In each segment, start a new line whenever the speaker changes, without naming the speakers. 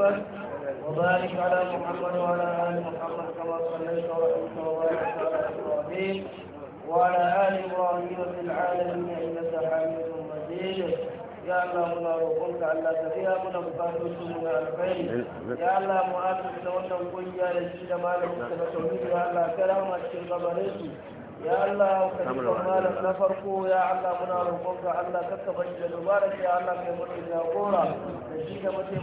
محمد وبارك على محمد وعلى آل محمد كما صليت ورحمت وبارك على إبراهيم وعلى آل إبراهيم في العالمين إنك حميد مجيد يا الله wannan kungiya da shi da malamin da tauhid ya ya Allah ka ji malam na farko ya Allah muna roƙonka Allah ka ka bari da mubarak ya Allah kai mutum jagora da shi da ba shi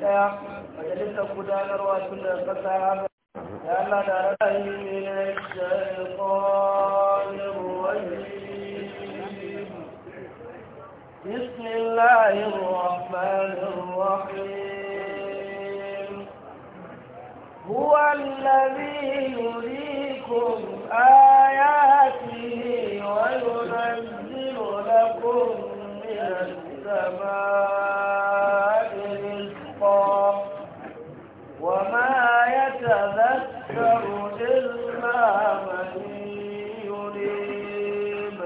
daya majalisar gudanarwa tun da kasa haka ya Allah da ra'ayi ne shaytanir rajim بسم الله الرحمن الرحيم هو الذي يريكم آياته وينزل لكم من السماء رزقا وما يتذكر إلا من يريب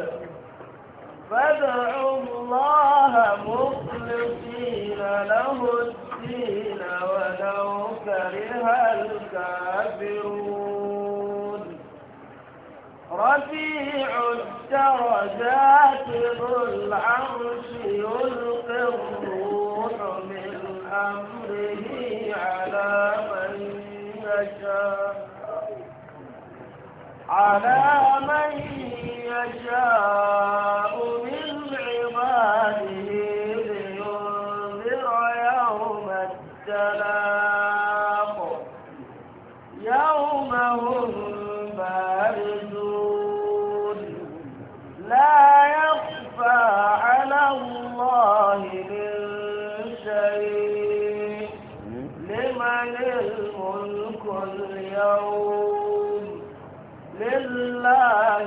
فادعوا الله مخلصين له الدين الذين ولو كره الكافرون رفيع الدرجات ذو العرش يلقي الروح من أمره على من يشاء على من يشاء من عباده السلام يوم هم بارزون لا يخفى على الله من شيء لمن الملك اليوم لله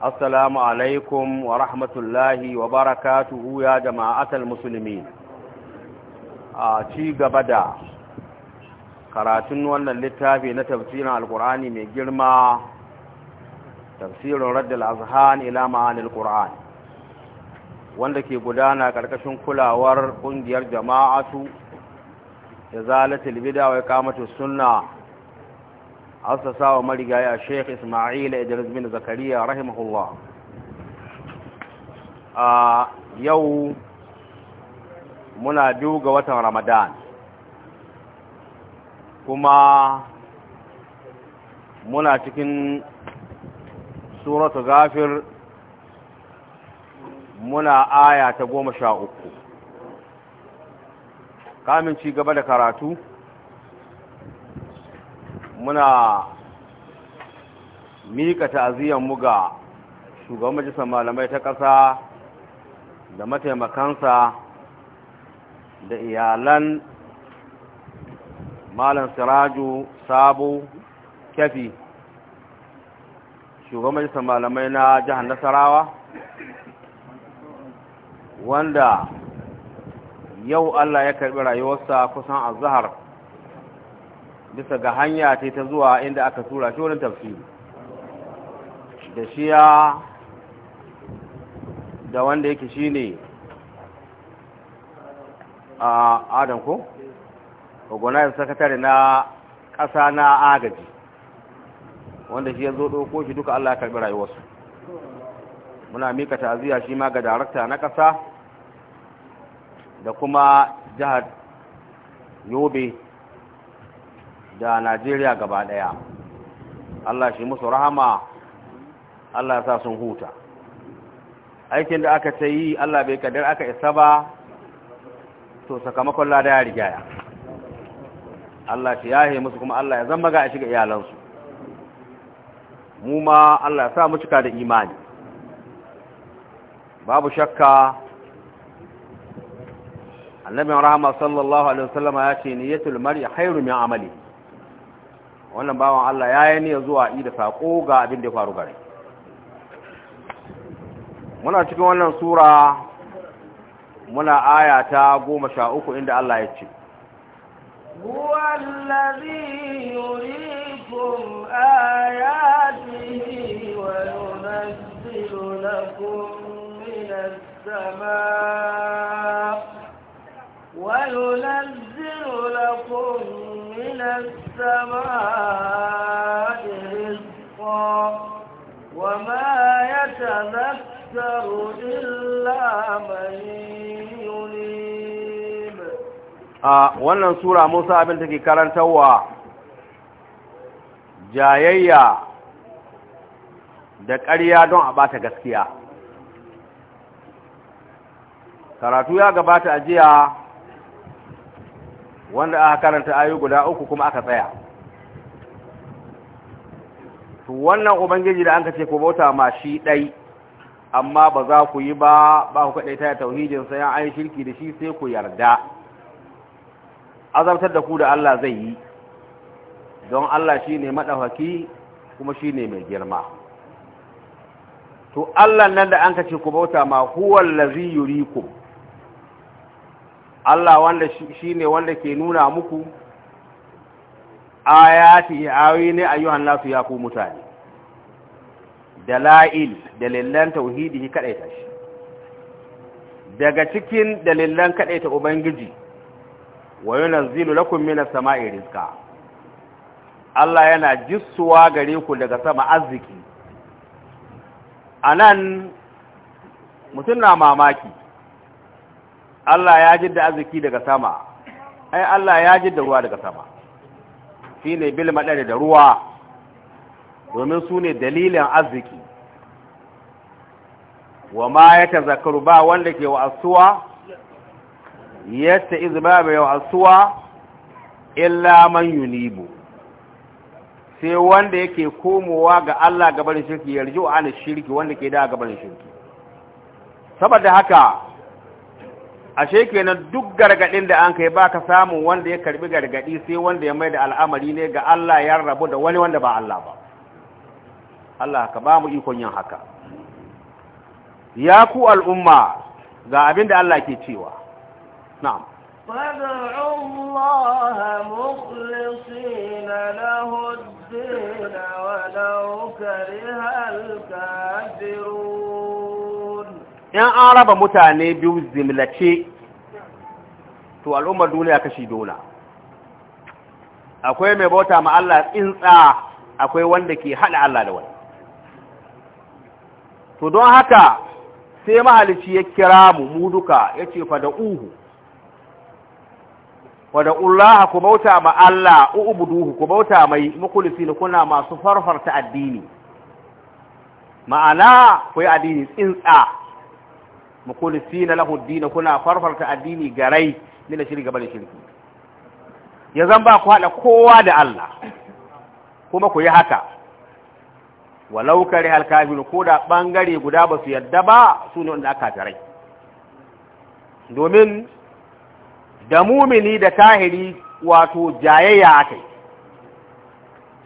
alaikum wa rahmatullahi wa barakatu wuya يا جماعة A ci gaba da karatun wannan littafi na tafsirin Alƙur'ani mai girma tafsirin raddal azhan ila ma'anil qur'an wanda ke gudana karkashin kulawar kungiyar jama'atu da zalatul bid'a wa iqamatus sunnah asa sawa marigaya sheikh isma'ila idan rizmin zakariya rahimahullah a yau muna duga watan ramadan kuma muna cikin suratu gafir muna aya ta goma sha uku kamin ci gaba da karatu muna mika mu ga shugaban majalisar malamai ta ƙasa da mataimakansa da iyalan malam siraju Sabu kafi shugaban majalisar malamai na jihar nasarawa wanda yau allah ya karbi rayuwarsa kusan a zahar bisa ga hanya ta ta zuwa inda aka tura shi wurin tafsiri da shiya da wanda yake shi ne a adam ko? ogonayar sakatare na ƙasa na agaji wanda shi ya zo ɗoko shi duka Allah ya karɓi rayuwarsu muna mika ta'aziyya shi ma ga darakta na ƙasa da kuma jihar yobe da najeriya gaba daya allah shi musu rahama allah sa sun huta aikin da aka ta yi allah bai kadar aka isa ba to sakamakon lada ya rigaya allah shi yahe musu kuma allah ya zama ga a shiga iyalansu mu ma allah sa mu cika da imani babu shakka annabin rahama sallallahu alaihi wasallama ya ce niyyatul mar'i khairu min amali wannan bawan Allah ya yi niyyar zuwa ida saƙo ga abin da ya faru gare muna cikin wannan sura muna aya ta goma sha uku inda Allah ya ce
Wallazi yuri kun آياته وينزل وينزل لكم من السماء رزقا وما يتذكر إلا من ينيب
wannan sura Musa abin take karantarwa jayayya da ƙarya don a bata gaskiya karatu ya gabata a jiya wanda aka karanta ayu guda uku kuma aka tsaya to wannan ubangiji da anka ce ku bauta ma shi dai amma ba za ku yi ba ba ku kadai ta tauhidin sai an ayi shirki da shi sai ku yarda azabtar da ku da Allah zai yi don Allah shine madafaki kuma shine mai girma to Allah nan da anka ce ku bauta ma huwal ladhi yurikum Allah wanda shi ne wanda ke nuna muku ayati awi ne ayyuhan nasu ya ku mutane dala'il dalilan tauhidi kadaita shi daga cikin dalilan ta ubangiji wa yunazzilu lakum minas sama'i rizqa Allah yana jissuwa gare ku daga sama arziki anan mutum na mamaki Allah ya jidda arziki daga sama ai Allah ya jidda ruwa daga sama shi ne bil madari da ruwa domin su ne dalilin arziki wa ma ya tazakaru ba wanda ke wa asuwa yasta izba bai wa asuwa illa man yunibu sai wanda yake komowa ga Allah gaban shirki yarjo an shirki wanda ke da gaban shirki saboda haka ashe kenan duk gargadin da an kai baka samu wanda ya karbi gargadi sai wanda ya mai da al'amari ne ga Allah ya rabu da wani wanda ba Allah ba Allah ka ba mu ikon yin haka ya ku al'umma ga abinda Allah ke cewa na'am
فادعوا الله مخلصين له الدين ولو كره الكافرون
in an raba mutane biyu zimlace to al'ummar duniya kashi dola akwai mai bauta ma Allah tsintsa akwai wanda ke haɗa Allah da wani to don haka sai mahalici ya kira mu mu duka yace fa da uhu wa da ullaha ku bauta ma Allah ubuduhu ku bauta mai mukhlisin kuna masu farfarta addini ma'ana ku yi addini tsintsa mukhlisina lahu ad-din kuna farfarta addini garai min na gaba da shirki ya zan ba ku hada kowa da Allah kuma ku yi haka walau kare halkafiru ko da bangare guda ba su yadda ba su ne wanda aka tarai domin da mumini da tahiri wato jayayya akai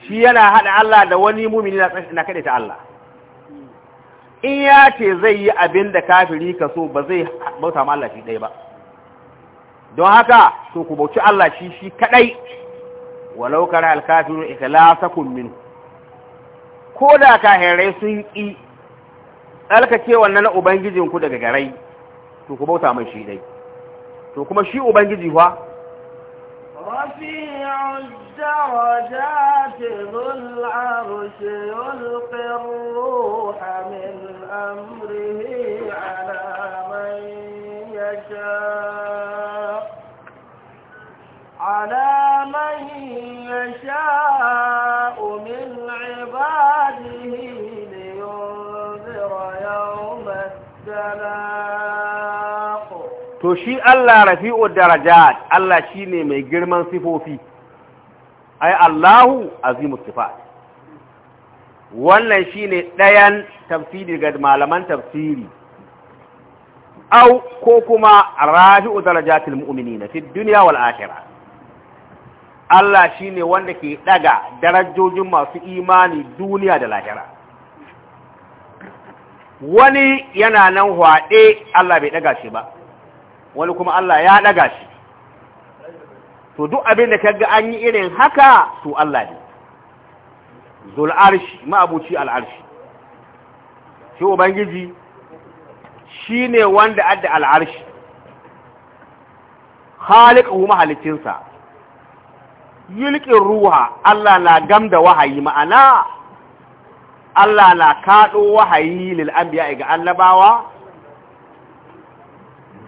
shi yana hada Allah da wani mumini na kada ta Allah in ya ce zai yi abin da kafiri ka so ba zai bauta ma Allah shi ɗai ba don haka to ku bauci Allah shi shi kaɗai walau kana alkafiru lasakun min ko da kahirai sun ƙi tsarkake wannan ubangijinku daga garai to ku bauta mai shi dai to kuma shi ubangiji wa
رفيع الدرجات ذو العرش يلقي الروح من أمره على من يشاء على من يشاء من عباده لينذر يوم السلام to
shi Allah rafi'u darajat Allah shine mai girman sifofi ai Allahu azimu sifat wannan shine ɗayan tafsiri ga malaman tafsiri au ko kuma rafi'u darajatil mu'minina fi dunya wal akhirah Allah shine wanda ke daga darajojin masu imani duniya da lahira wani yana nan hwade Allah bai daga shi ba wani kuma Allah ya ɗaga shi to duk abin da ga an yi irin haka to Allah ne zul arshi ma'abuci al shi ubangiji shine wanda adda al'arshi arshi khaliquhu mahalicinsa yulkin ruwa Allah na gamda wahayi ma'ana Allah na kaɗo wahayi lil'ambiya ga annabawa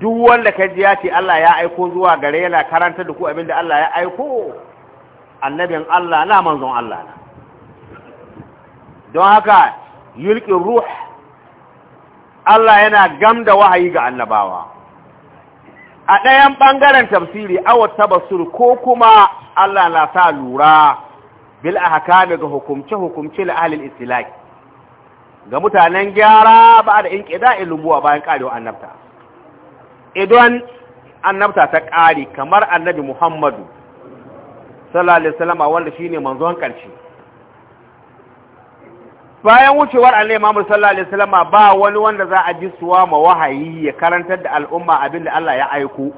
duk wanda ka ji ya ce Allah ya aiko zuwa gare yana karanta da ku abinda Allah ya aiko annabin Allah na manzon Allah na don haka yulqi ruh Allah yana gamda wahayi ga annabawa a ɗayan ɓangaren tafsiri awa tabassur ko kuma Allah na sa lura bil a haka ga hukumce hukumce da ahlil istilaki ga mutanen gyara ba da ƙida ilubuwa bayan karewa annabta idan annabta ta ƙari kamar annabi muhammadu sallallahu alaihi wasallam wanda shine manzon ƙarshe bayan wucewar annabi muhammadu sallallahu alaihi wasallam ba wani wanda za a ji suwa ma wahayi ya karantar da al'umma abinda Allah ya aiko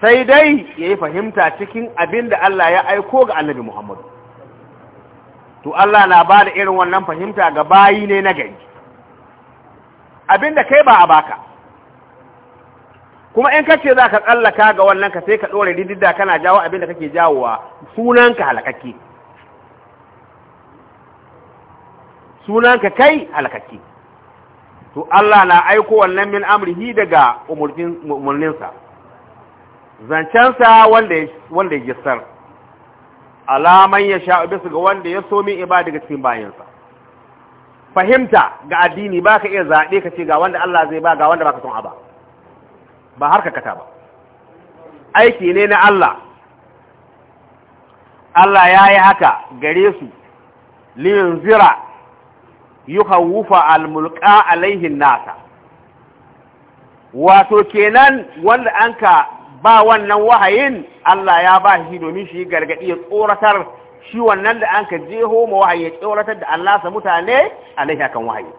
sai dai yayi fahimta cikin abinda Allah ya aiko ga annabi muhammadu to Allah na ba da irin wannan fahimta ga bayi ne na gari abinda kai ba a baka kuma in kace za ka tsallaka ga wannan ka sai ka ɗora rididda kana jawo abin da kake jawowa sunanka halakakke sunanka kai halakakke to Allah na aiko wannan min amrihi daga umarninsa zancensa wanda ya jisar alaman ya sha bisa ga wanda ya so min ibada daga cikin bayansa fahimta ga addini baka iya zaɓe ka ce ga wanda Allah zai ba ga wanda baka son a ba harka kata ba aiki ne na Allah Allah ya yi haka gare su liyin zira yi hawufa almulka alaihin nasa wato kenan wanda an ka ba wannan wahayin Allah ya ba shi domin shi gargadi ya tsoratar shi wannan da an ka jeho ma wahayi ya tsoratar da Allah sa mutane alaihi akan wahayi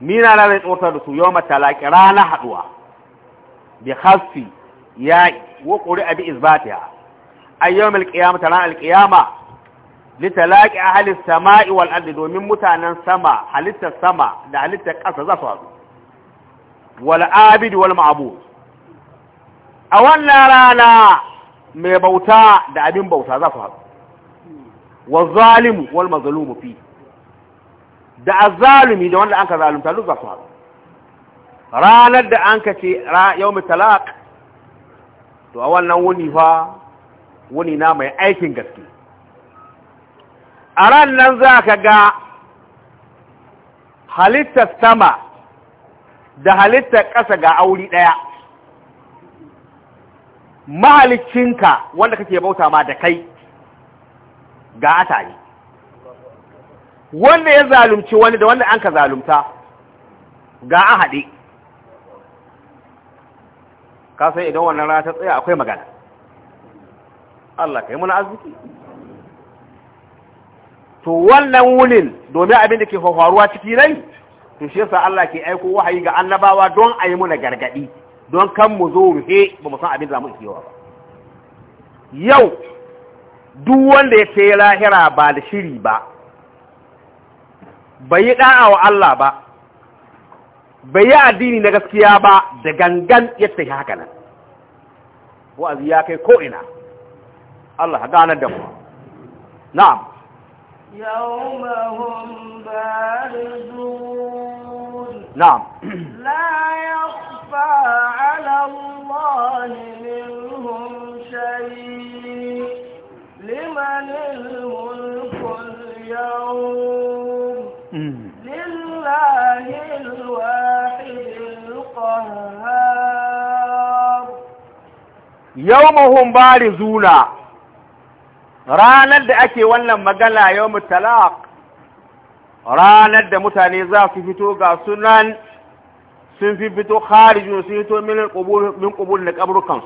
ni na lalai tsoratar da su yau matalaki rana haɗuwa bi hasfi ya wa qur'a bi isbatiha ayyam alqiyamah tara alqiyama li talaqi ahli as-sama'i wal ardi domin mutanen sama halitta sama da halitta ƙasa za su haɗu wal abid wal ma'bud a wannan rana mai bauta da abin bauta za su haɗu wa zalimu wal mazlumu fi da azzalumi da wanda an ka zalunta duk za su haɗu ranar da an kace mai talaq to a wannan wuni fa wuni na mai aikin gaske a ran nan za ka ga halittar sama da halittar ƙasa ga auri ɗaya mahalicinka wanda kake bauta ma da kai ga atari wanda ya zalunci wani da wanda an ka zalunta ga an haɗe ka idan wannan rana ta tsaya akwai magana Allah kai muna arziki to wannan wunin domin abin da ke faruwa ciki rai to shi yasa Allah ke aiko wahayi ga annabawa don a yi muna gargadi don kan mu zo ruhe ba mu san abin da mu yawa ba yau duk wanda ya ce lahira ba da shiri ba bai yi da'a wa Allah ba bai yi addini na gaskiya ba da gangan ya tafi haka nan wa'azi ya kai ko'ina Allah ganar da mu na'am
yawmahum barizun na'am la yakhfa 'ala Allah minhum shay liman al-mulku al-yawm يومهم الواحد القهار
يوم هم بارزونا رانا دا اكي ولا مقالا يوم التلاق رانا دا متانيزا في فتوغا سنان سن في فتو خارج وسيتو من القبول من قبول لك أبرو كنس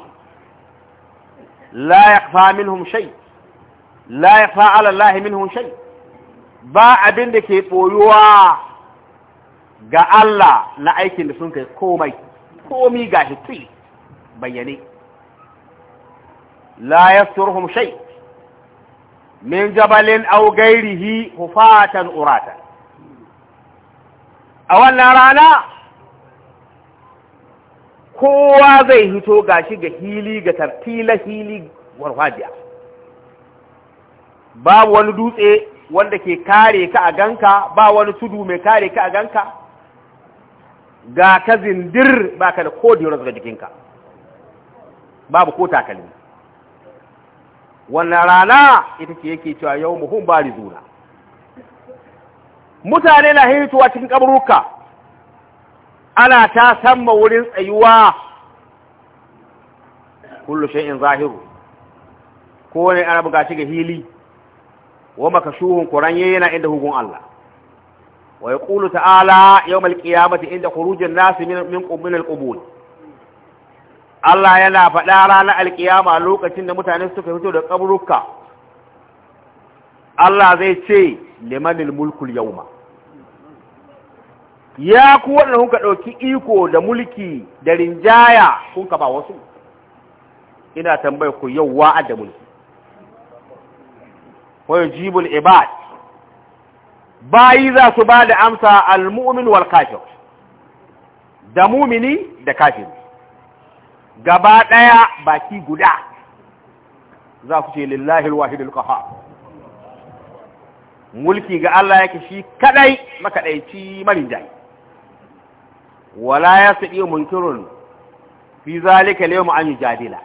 لا يخفى منهم شيء لا يخفى على الله منهم شيء با ابن دكي بويوا ga Allah na aikin da sun kai komai komi ga hitri bayyane la yasturhum shai, min jabalin aw ku hufatan urata a wannan rana kowa zai hito gashi ga hili ga tartila hili warfajiya babu wani dutse wanda ke kare ka a ganka ba wani tudu mai kare ka a ganka ga ka
zindir
ba ka da kodiyar da jikinka babu ko takalmi wannan rana ita ce yake cewa yau muhun bari zuna mutane na hituwa cikin kabruka ana ta samma wurin tsayuwa kullu shay'in zahiru ko ne ana buga shi ga hili wa makashuhun kuran yana inda hukun Allah wa yaqulu ta'ala yawm al-qiyamati inda khurujin nas min min qubul al Allah yana faɗa ranar alkiyama lokacin da mutane suka fito da kaburuka Allah zai ce limanil mulkul yawma ya ku waɗanda kuka ɗauki iko da mulki da rinjaya kun ka ba wasu ina tambayar ku yau wa'ad da mulki wa yujibul ibad bayi za su ba da amsa al-mu'min wal kafir da mumini da kafir gaba daya baki guda za ku ce lillahi al-wahid al-qahhar mulki ga Allah yake shi kadai makadaici dai. wala yasdi munkirun fi zalika al-yawm an yujadila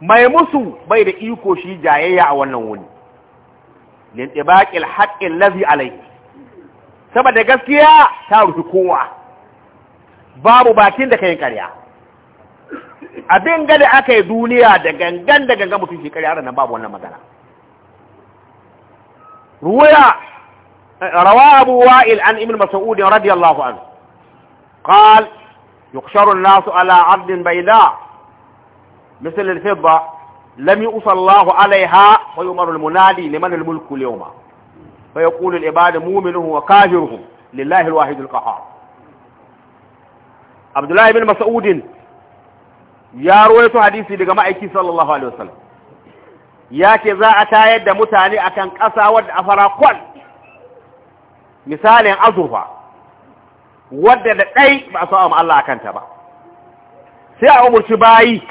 mai musu bai da iko shi jayayya a wannan wuni لانطباق الحق الذي عليه saboda gaskiya ta rufi kowa babu bakin da kayan karya abin gada aka yi duniya da gangan da gangan mutum shi karya nan babu wannan magana ruwaya rawa abu wa'il an ibn mas'ud radiyallahu anhu qal yuqsharu an-nasu ala 'ardin bayda مثل الفضة لم يؤس الله عليها ويؤمر المنادي لمن الملك اليوم فيقول العباد مؤمنهم وكافرهم لله الواحد القهار عبد الله بن مسعود ya ruwaito hadisi daga ma'aiki sallallahu alaihi wasallam ya ce za a tayar da mutane akan ƙasa wadda a farakon misalin azurfa wadda da ɗai ba a sa'a Allah a kanta ba sai a umarci bayi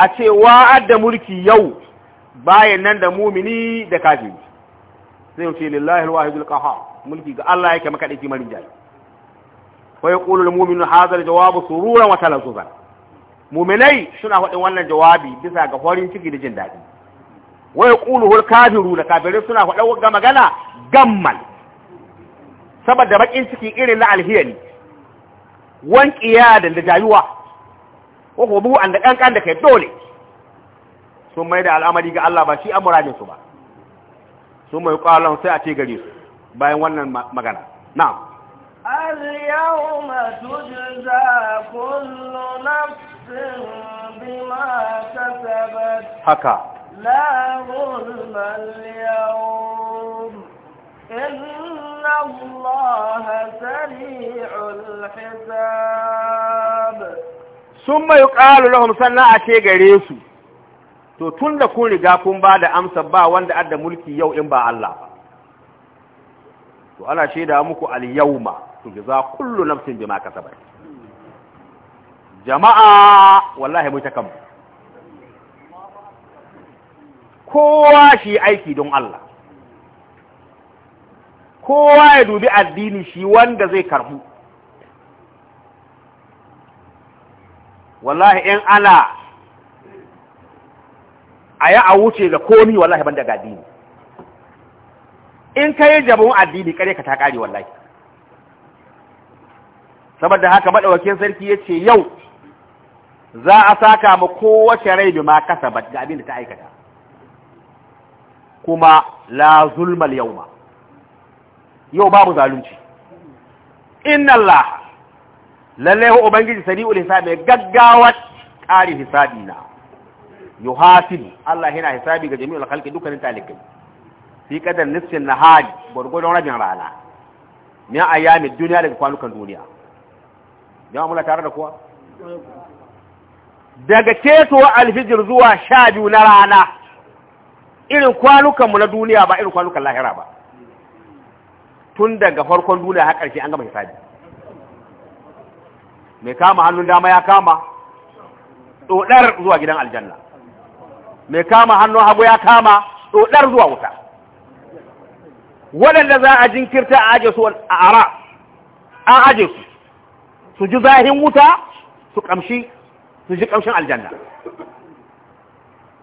a ce wa'ad mulki yau bayan nan da mumini da kafin sai yau ce lillahi al mulki ga Allah yake makadaici marinjayi wa yaqulu almu'minu hadha aljawabu sururan wa talazzuzan mu'minai suna faɗin wannan jawabi bisa ga horin ciki da jin daɗi wa yaqulu alkafiru da kafirai suna faɗa ga magana gammal saboda bakin ciki irin na alhiyani wan qiyadan da jayuwa ko bu an da kankan da kai dole sun mai da al'amari ga Allah ba shi an muradin su ba sun mai kwallon sai a ce gare su bayan wannan magana na'am
tujza kullu nafsin bima kasabat haka la لا al yawm inna allaha sari'ul hisab.
sun mai ƙalu lahum sannan a ce gare su to tun da kun riga kun ba da amsa ba wanda adda mulki yau in ba Allah ba to ana shaida muku al-yawma tujza kullu nafsin bima kasabat jama'a wallahi mai ta kanmu kowa shi aiki don Allah kowa ya dubi addini shi wanda zai karbu wallahi in ana a yi a wuce ga komi wallahi ban daga addini in ka yi jabon addini kare ka ta kare wallahi saboda haka madawakin sarki ya ce yau za a saka ma kowace rai bi ma ga abin da ta aikata kuma la zulmal yau ma yau babu zalunci inna lalle hu ubangiji sari'ul hisab mai gaggawa hisabina hisabi na Allah yana hisabi ga jami'ul khalqi dukkanin talikin fi qadar nisfi nahar gurgudo rabin rana min ayami duniya daga kwanukan duniya jama'a mun tare da kowa daga ceto alfijir zuwa sha biyu na rana irin kwanukanmu na duniya ba irin kwanukan lahira ba tun daga farkon duniya har ƙarshe an gama hisabi mai kama hannun dama ya kama tsodar zuwa gidan aljanna mai kama hannun hagu ya kama tsodar zuwa wuta waɗanda za a jinkirta a aje su a ara an aje su su ji zahin wuta su kamshi su ji kamshin aljanna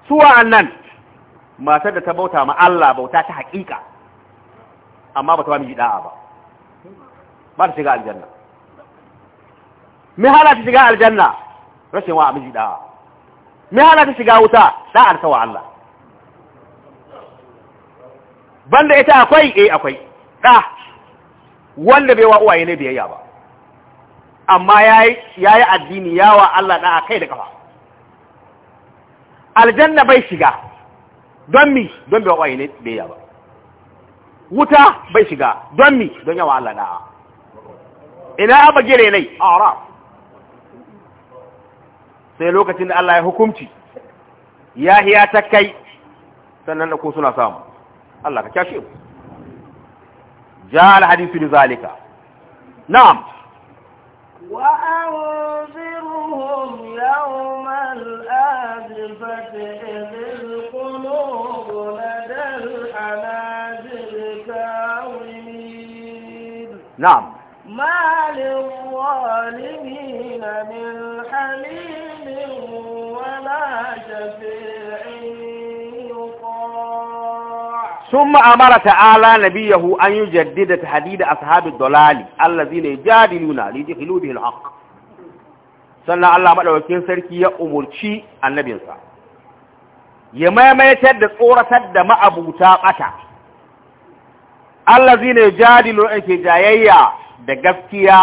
suwa annan matar da ta bauta ma Allah bauta ta haƙiƙa amma ba ta ba miji da'a ba ba ta shiga aljanna me hana ta shiga aljanna rashin wa miji da'a me hana ta shiga wuta da'ar ta wa Allah banda ita akwai eh akwai da wanda bai wa uwaye ne biyayya ba amma ya yi addini ya wa Allah da'a kai da kafa aljanna bai shiga don mi don bai wa uwaye ne biyayya ba wuta bai shiga don mi don yawa Allah da'a ina abagire ne arab sai lokacin da Allah ya hukunci ya hiya ta kai sannan da ku suna samu Allah ka kyashe mu ja al li zalika na'am
wa anzirhum yawm al azfati idh qulub lada al anazir na'am ولا شفيع يطاع
ثم أمر تعالى نبيه أن يجدد تحديد أصحاب الضلال الذين يجادلون ليدخلوا به الحق sannan Allah maɗaukakin sarki ya umurci annabinsa ya maimaitar da tsoratar da ma'abuta ɓata Allah zina ya jadilu ake jayayya da gaskiya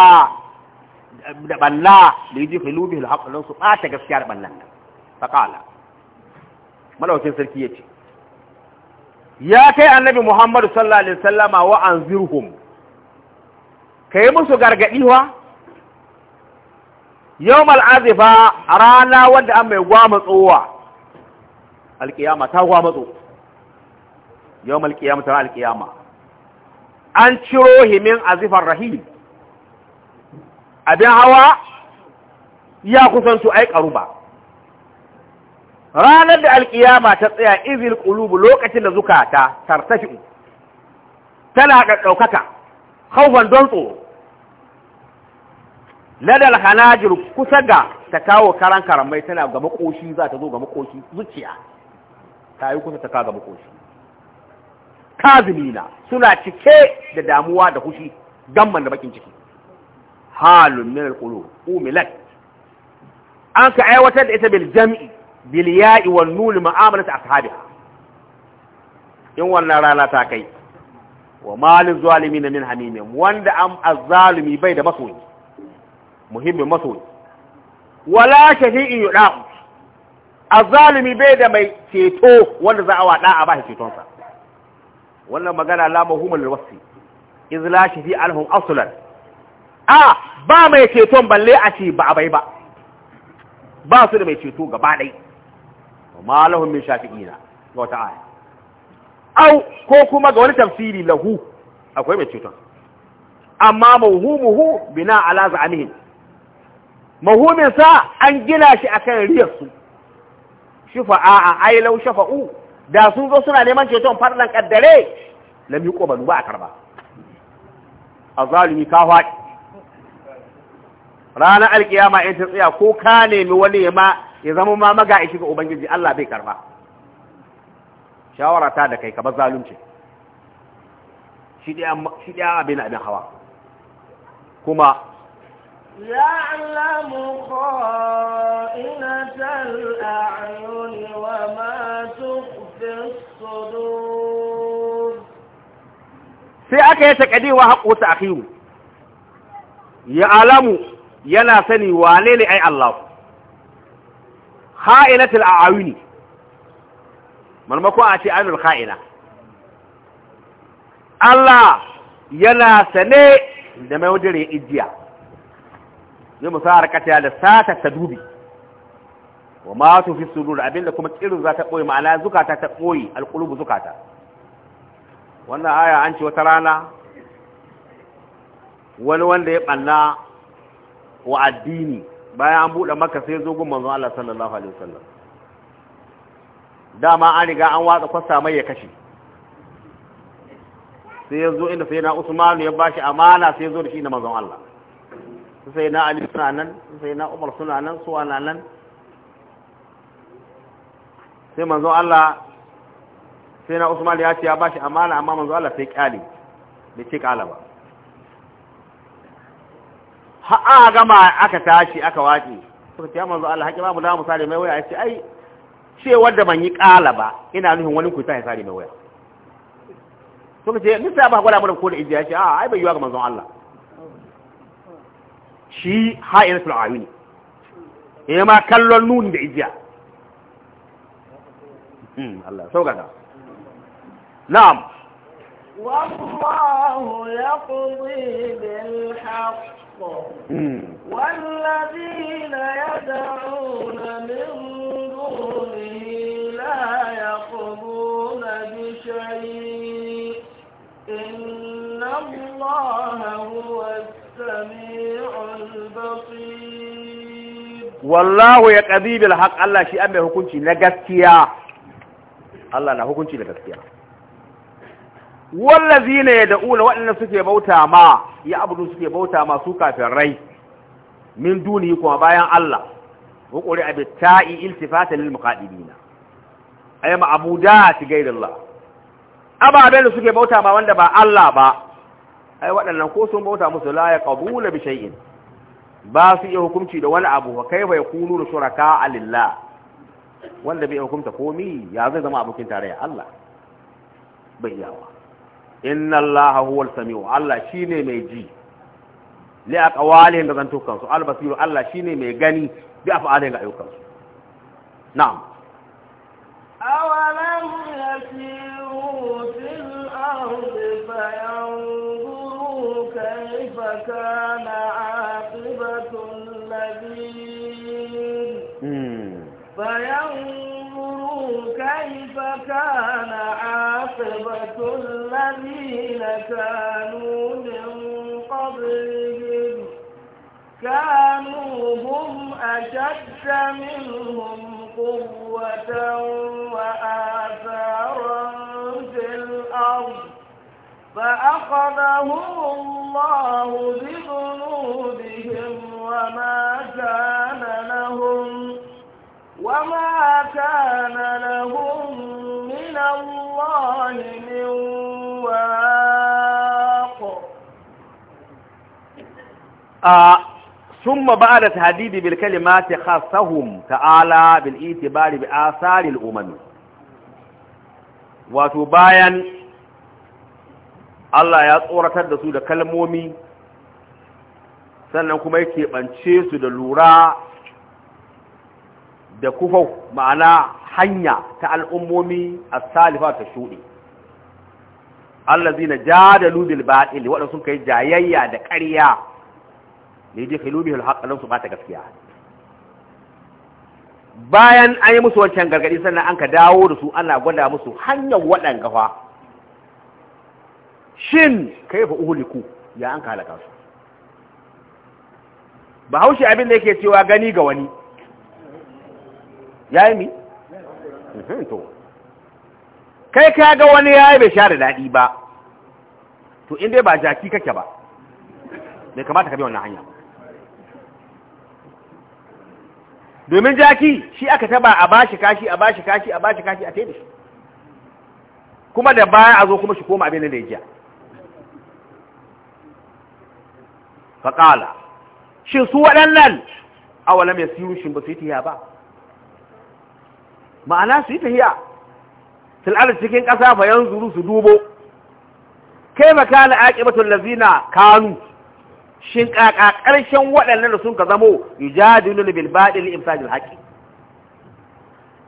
da ɓalla da yi jifi lubi su ɓata gaskiya da ɓallan faƙala malaukin sarki ya ce ya kai annabi muhammadu sallallahu alaihi sallama wa an zirhum ka yi musu gargaɗiwa yau mal'azifa a rana wanda an mai gwamatsowa alƙiyama ta gwamatso yau mal'ƙiyama ta alƙiyama an ciro himin azifar rahim abin hawa ya kusan su ai ba. ranar da alkiyama ta tsaya izil kulubu lokacin da zukata tartashi tana ga daukaka khawfan don tsoro ladal hanajir kusa ga ta kawo karan karamai tana ga makoshi za ta zo ga makoshi zuciya ta yi kusa ta kawo ga makoshi kazimina suna cike da damuwa da hushi gamman da bakin ciki halun min alqulub umilat an ka aiwatar da ita bil jam'i bil ya'i wan ma'amalata a ashabiha in wannan rana ta kai wa malin zalimin min hamimin wanda am azzalimi bai da masoyi muhimmin masoyi wala shafi'in yuda'u azzalimi bai da mai ceto wanda za a wada a bashi ceton sa wannan magana la mahumul wasi iz la shafi alhum aslan a ba mai ceton balle a ce ba bai ba ba su da mai ceto gaba ɗaya ma lahum min shafi'ina ga wata aya au ko kuma ga wani tafsiri lahu akwai mai cutar amma mawhumuhu bina ala za'anihi mawhumin sa an gina shi akan riyar su shufa'a ai law shafa'u da sun zo suna neman ceton farlan kaddare lam yuqbalu ba a karba azalimi ka faɗi ranar alkiyama in ta tsaya ko ka nemi wani ya ma ya zama ma maga ishi ga ubangiji Allah bai karba shawara ta da kai ka bar zalunci shi ɗaya abin abin hawa kuma
يعلم خائنة الأعين وما تخفي الصدور
sai aka yi taƙadi wa haƙo ta akhiru ya alamu yana sani wane ne ai Allah ha'inatul a'awini marmako a ce ainul ha'ina Allah yana sane da mai wajere ijiya zai musa harkata da sata ta dubi wa ma su fi sudur abinda kuma kirin za ta ɓoye ma'ana zukata ta ɓoye alƙulubu zukata wannan aya an ce wata rana wani wanda ya ɓanna wa addini bayan an bude maka sai zo gun manzon Allah sallallahu alaihi wasallam dama an riga an watsa kwasa mai ya kashe sai yanzu inda sai na Usman ya bashi amana sai ya zo da shi na manzon Allah sai na Ali suna nan sai na Umar suna nan suwa na nan sai manzon Allah sai na Usman ya ce ya bashi amana amma manzon Allah sai kyale bai ce kala ba ha gama aka tashi aka wace suka ce manzo Allah hakima mu da mu sare mai waya ce ai ce wanda ban yi ƙala ba ina nufin wani ku sai sare mai waya suka ce sai ba gwada mana ko da ijiya ce a ai bai yiwa ga manzon Allah shi ha'iratul awini eh ma kallon nuni da ijiya hmm Allah saukaka na'am
yaqdi bil haqq والذين يدعون من دونه لا يقضون بشيء إن الله هو السميع البصير
والله يقضي الحق الله شيئا بحكمتي نغسكيا الله لا حكمتي نغسكيا wallazina yad'una waɗanda suke bauta ma ya abudu suke bauta ma su kafirai min duni kuma bayan Allah wa quri abita'i iltifatan lil muqadibina ay ma'budat ghayrillah ababen da suke bauta ma wanda ba Allah ba ai waɗannan ko sun bauta musu la ya qabula bi shay'in ba su iya hukunci da wani abu wa kaifa yakunu shuraka lillah wanda bai hukunta komi ya zai zama abokin tarayya Allah bai yawa inna allaha huwal samiu Allah shine mai ji li aqwalihim da zantukan su albasiru Allah shine mai gani bi af'alihim da ayyukan su na'am
awalam yasiru fil ardi fayanzuru kayfa kana كان عاقبة الذين كانوا من قبلهم كانوا هم أشد منهم قوة وآثارا في الأرض فأخذهم الله بذنوبهم وما كان لهم وما كان لهم من الله من واق
آه، ثم بعد تهديد بالكلمات خاصهم تعالى بالاعتبار بآثار الأمم وتبايا الله يطور تدسو دا كلمومي سنة كما يكيب أنشيسو دا لورا da kufau ma'ana hanya ta al'ummomi a salifa ta shuɗe allazina na ja da lubil baɗili sun kai jayayya da ƙarya da yi jefe lubil haƙalin su ta gaskiya bayan an yi musu wancan gargadi sannan an ka dawo da su ana gwada musu hanyar waɗan gafa shin kai fa fa'uhuliku ya an ka halaka su ba abin da yake cewa gani ga wani ya yi mi? to kai ka ga wani ya yi bai sha da daɗi ba to inda ba jaki kake ba bai kamata ka bi wannan hanya domin jaki shi aka taba a bashi kashi a bashi kashi a bashi kashi a taida shi kuma da baya a zo kuma shi koma abin da ya jiya faƙala shi su waɗannan awalam mai siyu shi ba su yi tiya ba ma'ana su yi tahiya tilar cikin ƙasa yan zuru su dubo kai ka na aƙibatun lazina kanu shin ƙaƙa ƙarshen waɗannan da sun ka zamo na bilbaɗi na imsajil haƙi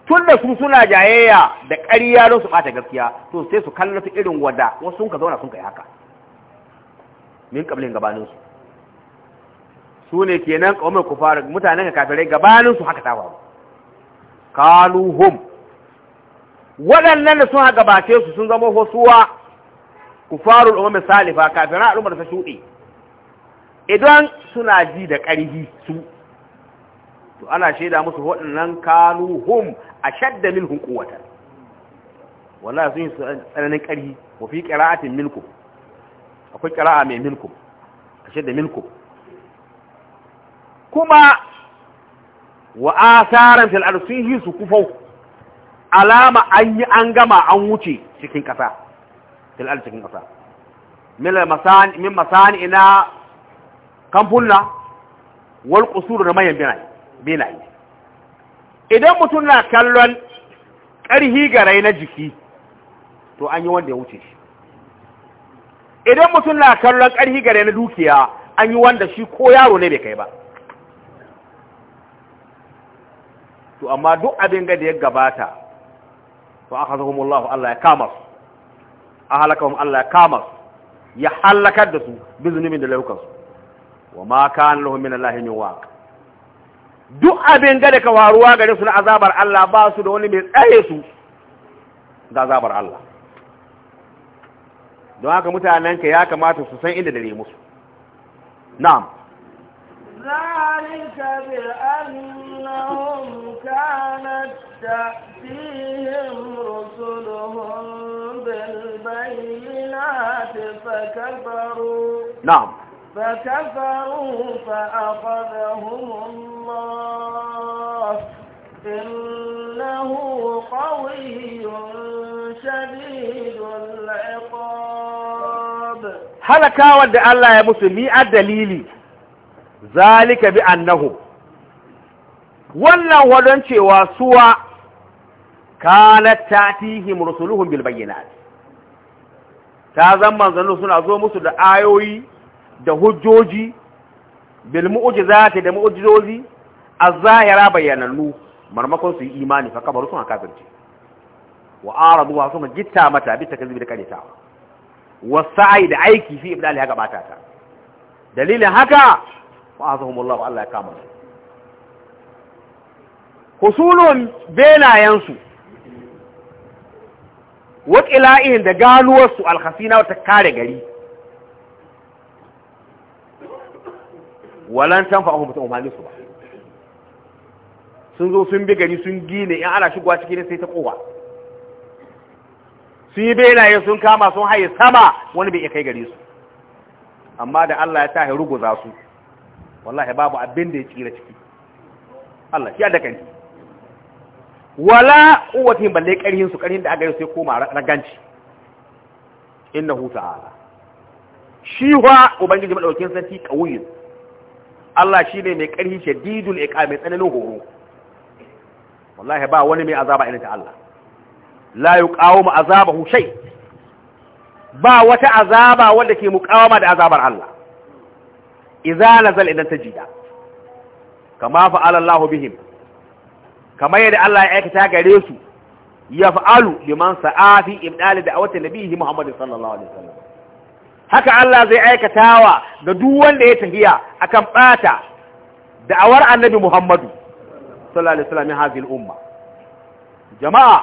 tun da su suna jayayya da ƙariya don su ɓata gaskiya to sai su su irin wada wasu sun ka zauna sun ka yi haka min kablin gabaninsu su ne kenan ƙaumar kufar mutanen ka kafirai gabaninsu haka ta faru kaluhum hum waɗannan da sun haka bace su sun zama hosuwa kufarul umma salifa kafin al'ummar ta shuɗe idan suna ji da ƙarfi su to ana shaida musu waɗannan kaluhum hum ashadda min quwwatan wallahi sun yi tsananin ƙarfi wa fi qira'atin milku akwai qira'a mai a ashadda milku kuma wa asaran fil arsihi hisu kufau alama an yi an gama an wuce cikin kasa fil ardi cikin kasa min masani ina kamfunna wal qusur da mayan binayi idan mutum na kallon ƙarhi garai na jiki to an yi wanda ya wuce shi idan mutum na kallon ƙarhi garai na dukiya an yi wanda shi ko yaro ne bai kai ba to amma duk abin ga da ya gabata to akhazahumullahu Allah ya kama su a ahalakahum Allah ya kama su ya halakar da su bi zunubin da laifukan su wa ma ka lahum min Allah min wa duk abin ga da ka waruwa gare su na azabar Allah ba su da wani mai tsaye su da azabar Allah don haka mutanenka ya kamata su san inda da musu na'am
ذلك بأنهم كانت تأتيهم رسلهم بالبينات فكفروا نعم فكفروا فأخذهم الله إنه قوي شديد العقاب
هلكا ود الله يا مسلم مسلمي الدليل zalika bi annahu wannan wadon cewa suwa kanat tatihim rusuluhum bil bayyinat ta zan manzanni suna zo musu da ayoyi da hujjoji bil mu'jizati da mu'jizozi az-zahira bayyanannu marmakon su yi imani fa kabaru sun kafirci wa aradu wa sun gitta mata bi takzibi da karita wa sa'i da aiki fi ibdali haka bata ta dalilin haka ma'azahumullahu Allah ya kama su husulun benayensu waƙila'ihin da ganuwarsu alhasina wata kare gari walan can fa'ahun mutum umarni su ba sun zo sun bi gari sun gine in ana shigowa cikin sai ta kowa sun yi benaye sun kama sun haye sama wani bai iya kai gari su amma da Allah ya tahi ruguza su wallahi babu abin da ya tsira ciki Allah shi da kanki wala quwwatin balle karhin su karhin da aka yi sai koma raganci innahu ta'ala shi wa ubangiji madaukin sarki kauyin Allah shi ne mai karhi shadidul iqam mai tsananin horo wallahi ba wani mai azaba irin ta Allah la yuqawimu azabahu shay ba wata azaba wanda ke muqawama da azabar Allah Iza nazal idan tajida kama fa'ala Allah bihim kama yadda Allah ya aikata gare su ya fa'alu liman sa'afi fi ibdal da'awati nabiyhi Muhammad sallallahu alaihi wasallam haka Allah zai aikatawa ga duk wanda ya tahiya akan bata da'awar annabi Muhammadu sallallahu alaihi wasallam hadhihi al-umma jama'a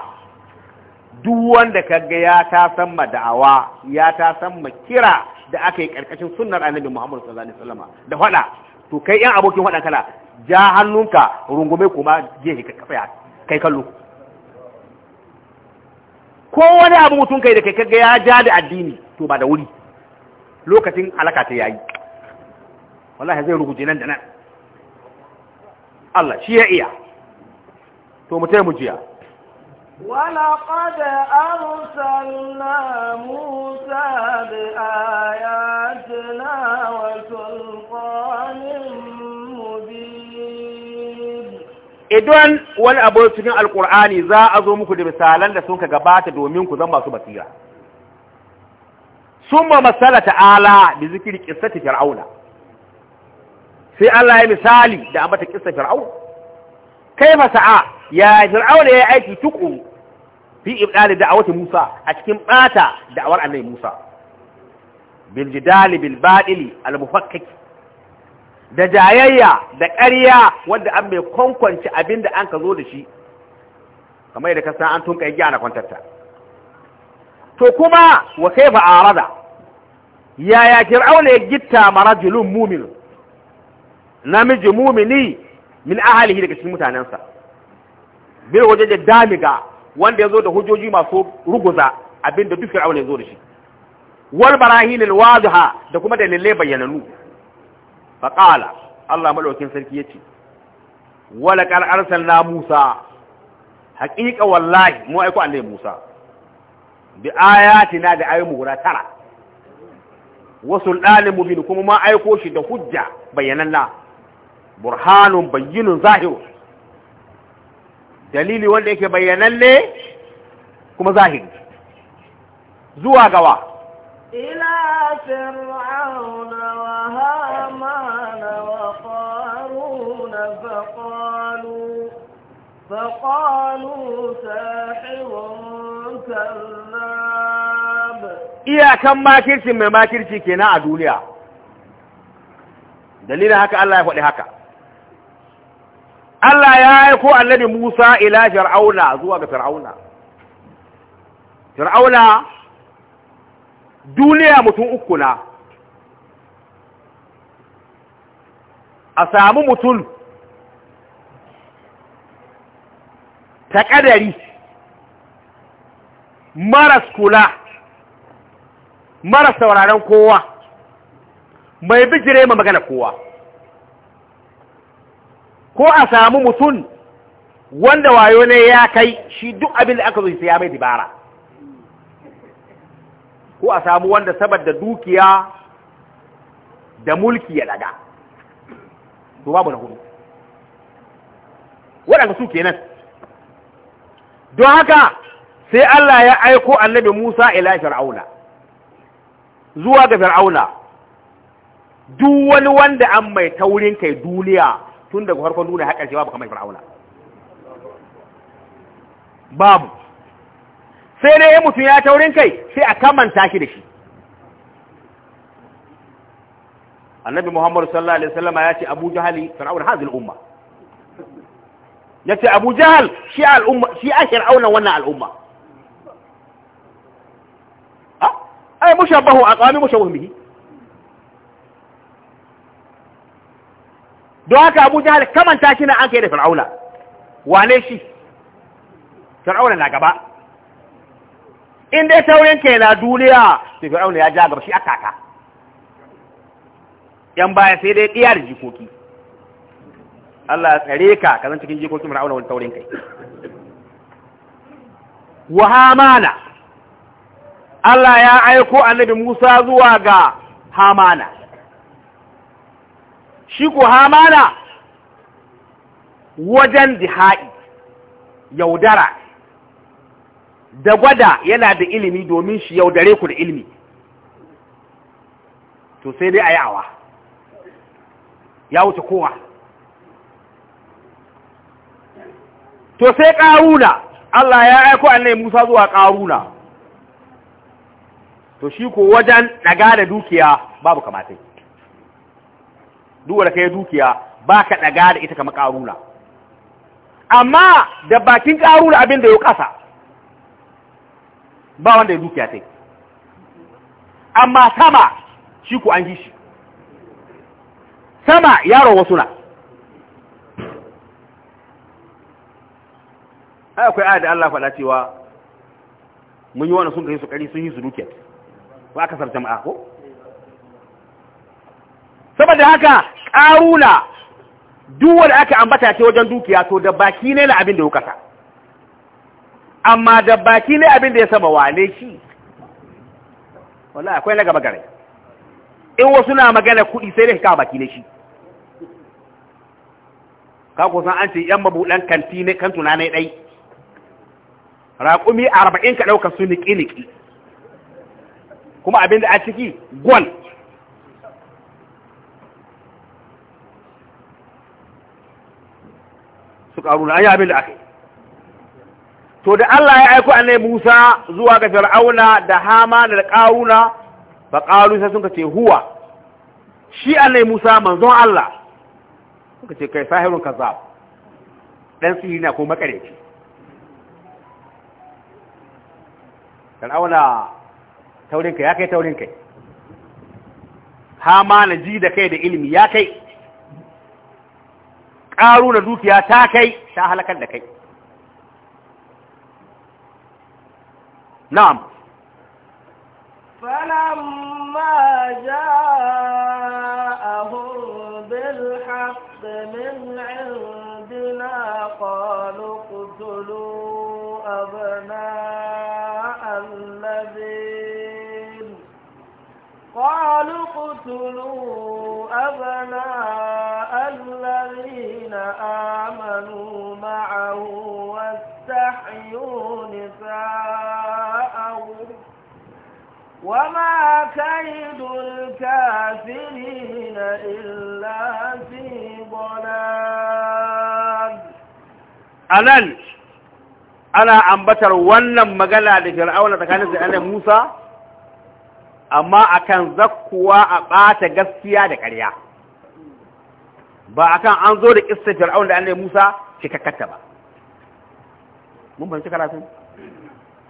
duk wanda kaga ya ta samma da'awa ya ta samma kira da aka yi karkashin sunnar annabi Muhammad sallallahu alaihi wasallam da fada to kai yan abokin fada kala ja hannunka rungume kuma je ka kafa kai kallo ko wani abu mutun kai da kai kaga ya ja da addini to ba da wuri lokacin alaka ta yayi wallahi zai ruguje nan da nan Allah shi ya iya to mu mujiya jiya
ولقد أرسلنا موسى بآياتنا وسلطان
idan wani abu cikin alkur'ani za a zo muku da misalan da sun ka gabata domin ku zan masu basira sun ba matsala ta'ala da zikiri kisar ta fir'auna sai allah ya misali da ambata kisar fir'auna kai masa'a ya fir'auna ya aiki tuku fi ibdal da'awati Musa a cikin bata da'awar annabi Musa bil jidal bil badil al mufakkik da jayayya da ƙarya wanda an mai kwankwanci abinda an ka zo da shi kamar yadda ka san an tunka yi ana kwantarta to kuma wa kaifa arada yaya fir'auna ya gitta marajulun mu'min namiji mu'mini min ahlihi daga cikin mutanansa bil da damiga wanda zo da hujjoji masu ruguza abinda duk fir'auna zo da shi wal al wadha da kuma dalilai bayyananu fa qala Allah madaukin sarki yace wala qad arsalna Musa haqiqa wallahi mu aiko annabi Musa bi ayatina da ayoyi guda tara wa sultanin mubin kuma ma aiko shi da hujja bayyananna burhanun bayyinun zahir. dalili wanda yake bayyananne kuma zahiri zuwa gawa
ila fir'auna wa hamana wa qaruna faqalu faqalu sahirun kallab
iyakan makirci mai makirci kenan a duniya dalilin haka Allah ya faɗi haka Allah ya aiko annabi Musa ila Fir'auna zuwa ga Fir'auna Fir'auna duniya mutum uku na a samu mutum ta kadari maras kula maras sauraron kowa mai bijire ma magana kowa ko a samu mutum wanda wayo ne ya kai shi duk abin da aka zo sai ya mai dibara ko a samu wanda saboda dukiya da mulki ya daga to babu na hudu waɗanda su kenan don haka sai Allah ya aiko annabi Musa ila Fir'auna zuwa ga Fir'auna duk wani wanda an mai taurin kai duniya tun daga farkon duniya har ƙarshe babu kamar fir'auna babu sai dai mutum ya taurin kai sai a kamanta shi da shi annabi muhammadu sallallahu alaihi wasallama ya ce abu jahali fir'auna hazil umma ya ce abu jahal shi al'umma shi a auna wannan al'umma ah, ai mushabbahu aqami mushabbahu bihi don haka abu jihar kamanta shi na an kai da fir'auna wane shi fir'auna na gaba Inda dai taurin ke na duniya to fir'auna ya ja gaba shi ka. yan baya sai dai ɗiyar jikoki Allah ya tsare ka ka zan cikin jikokin fir'auna wani taurin kai wa hamana Allah ya aiko annabi Musa zuwa ga hamana shi ko hamana wajen diha'i yaudara da gwada yana da ilimi domin shi yaudare ku da ilimi to sai dai a yi awa ya wuce kowa to sai ƙaruna Allah ya aiko annai Musa zuwa ƙaruna to shi ko wajen daga da dukiya babu kamatai duwar kai dukiya ba ka daga da ita kama ƙaruna amma da bakin ƙaruna abin da ya kasa ba wanda ya dukiya ta amma sama shi ku an shi sama yaro wasu na akwai ayat da Allah faɗa cewa mun yi wani sun yi su ƙari sun yi su dukiya ba aka sarta jama'a ko saboda haka ƙaruna duwar aka ambata ce wajen dukiya to da baki ne na abin da ya kasa amma da baki ne abin da ya saba wane shi wallah akwai na gaba gare in wasu na magana kuɗi sai dai kawo baki ne shi ka ku an ce yan mabuɗan kanti ne kan tunanai ɗai raƙumi arba'in ka ɗauka su niƙi-niƙi kuma abin da a ciki gwal karuna an yi abin da aka yi to da Allah ya aiko annabi Musa zuwa ga Fir'auna da hama da Qaruna fa qalu sai suka ce huwa shi annabi Musa manzon Allah suka ce kai sahirun kazzab dan sihiri na ko makareci Fir'auna taurin kai ya kai taurin kai na ji da kai da ilimi ya kai قارون na يا تاكي kai ta halakar
da فلما جاءهم بالحق من عندنا قالوا اقتلوا أبناء الذين قالوا اقتلوا أبناء الذين الذين آمنوا معه واستحيوا نساءهم وما كيد الكافرين إلا في ضلال
ألن أنا أنبتر ونم مقالة لفرعون أنا موسى amma akan zakkuwa a ɓata gaskiya da ƙarya ba a kan an zo da kissa fir'aun da annabi Musa kakkata ba mun ban cika rafi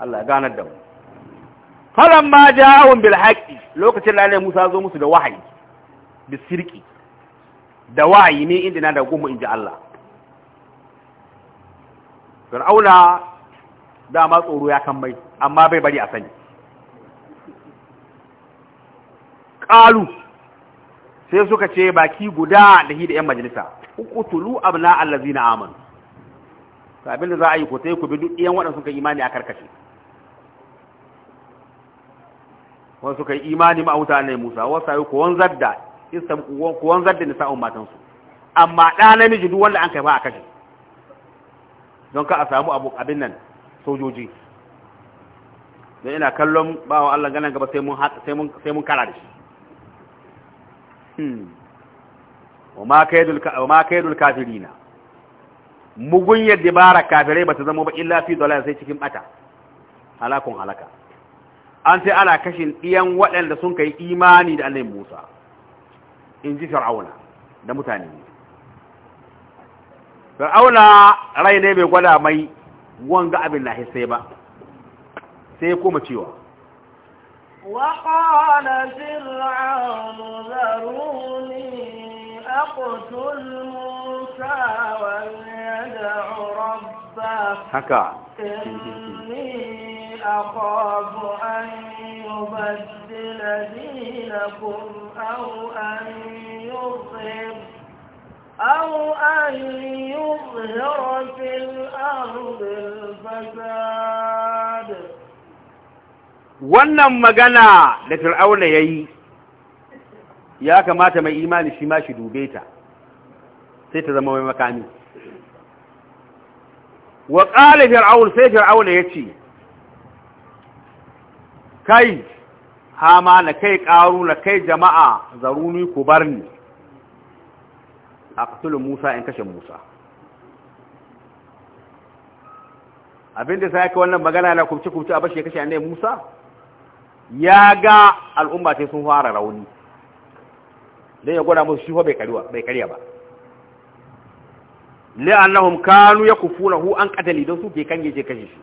Allah ya ganar da mu ma ja awon bilhaki lokacin da Musa zo musu da wahayi da sirki da wahayi ne inda na da in ji Allah fir'auna dama tsoro ya kan mai amma bai bari a sani ƙalu sai suka ce baki guda da hi da yan majalisa uqtulu abna allazina amanu to abin da za a yi ko sai ku bi duk ɗiyan waɗanda suka imani a karkashi wasu suka yi imani ma auta ne Musa wasu sai ko wanzar da istam ko wanzar da nisa'un su amma ɗa namiji duk wanda an kai ba a kashe don ka a samu abu abin nan sojoji don ina kallon bawa Allah ganin gaba sai mun sai mun kara da shi Hmm. wa ma ka kaidul na mugun yadda bara kafirai ba ta zama ba illa fi dola sai cikin bata halakun halaka an sai ana kashin iyan waɗanda sun kai imani da annayin Musa in ji fir'auna da mutane fir'auna rai ne bai gwada mai wanga abin na sai ba sai ya koma cewa
وقال فرعون ذروني أقتل موسى وليدع ربه حكا إني أخاف أن يبدل دينكم أو أن يظهر أو أن يظهر في الأرض الفساد
wannan magana da fir'auna ya yi ya kamata mai imani shi ma shi dube ta sai ta zama mai makami wa ƙala fir'aun sai fir'auna ya ce kai hama na kai ƙaru na kai jama'a zaruni ku bar ni a kasulun musa in kashe musa abinda sai ka wannan magana na kubce-kubce a bashi ya kashe annai musa ya ga al'umma sai sun fara rauni don ya gwada musu shi bai kariya ba li'annahum kanu yakfunahu an qatali don su ke kange je kashe shi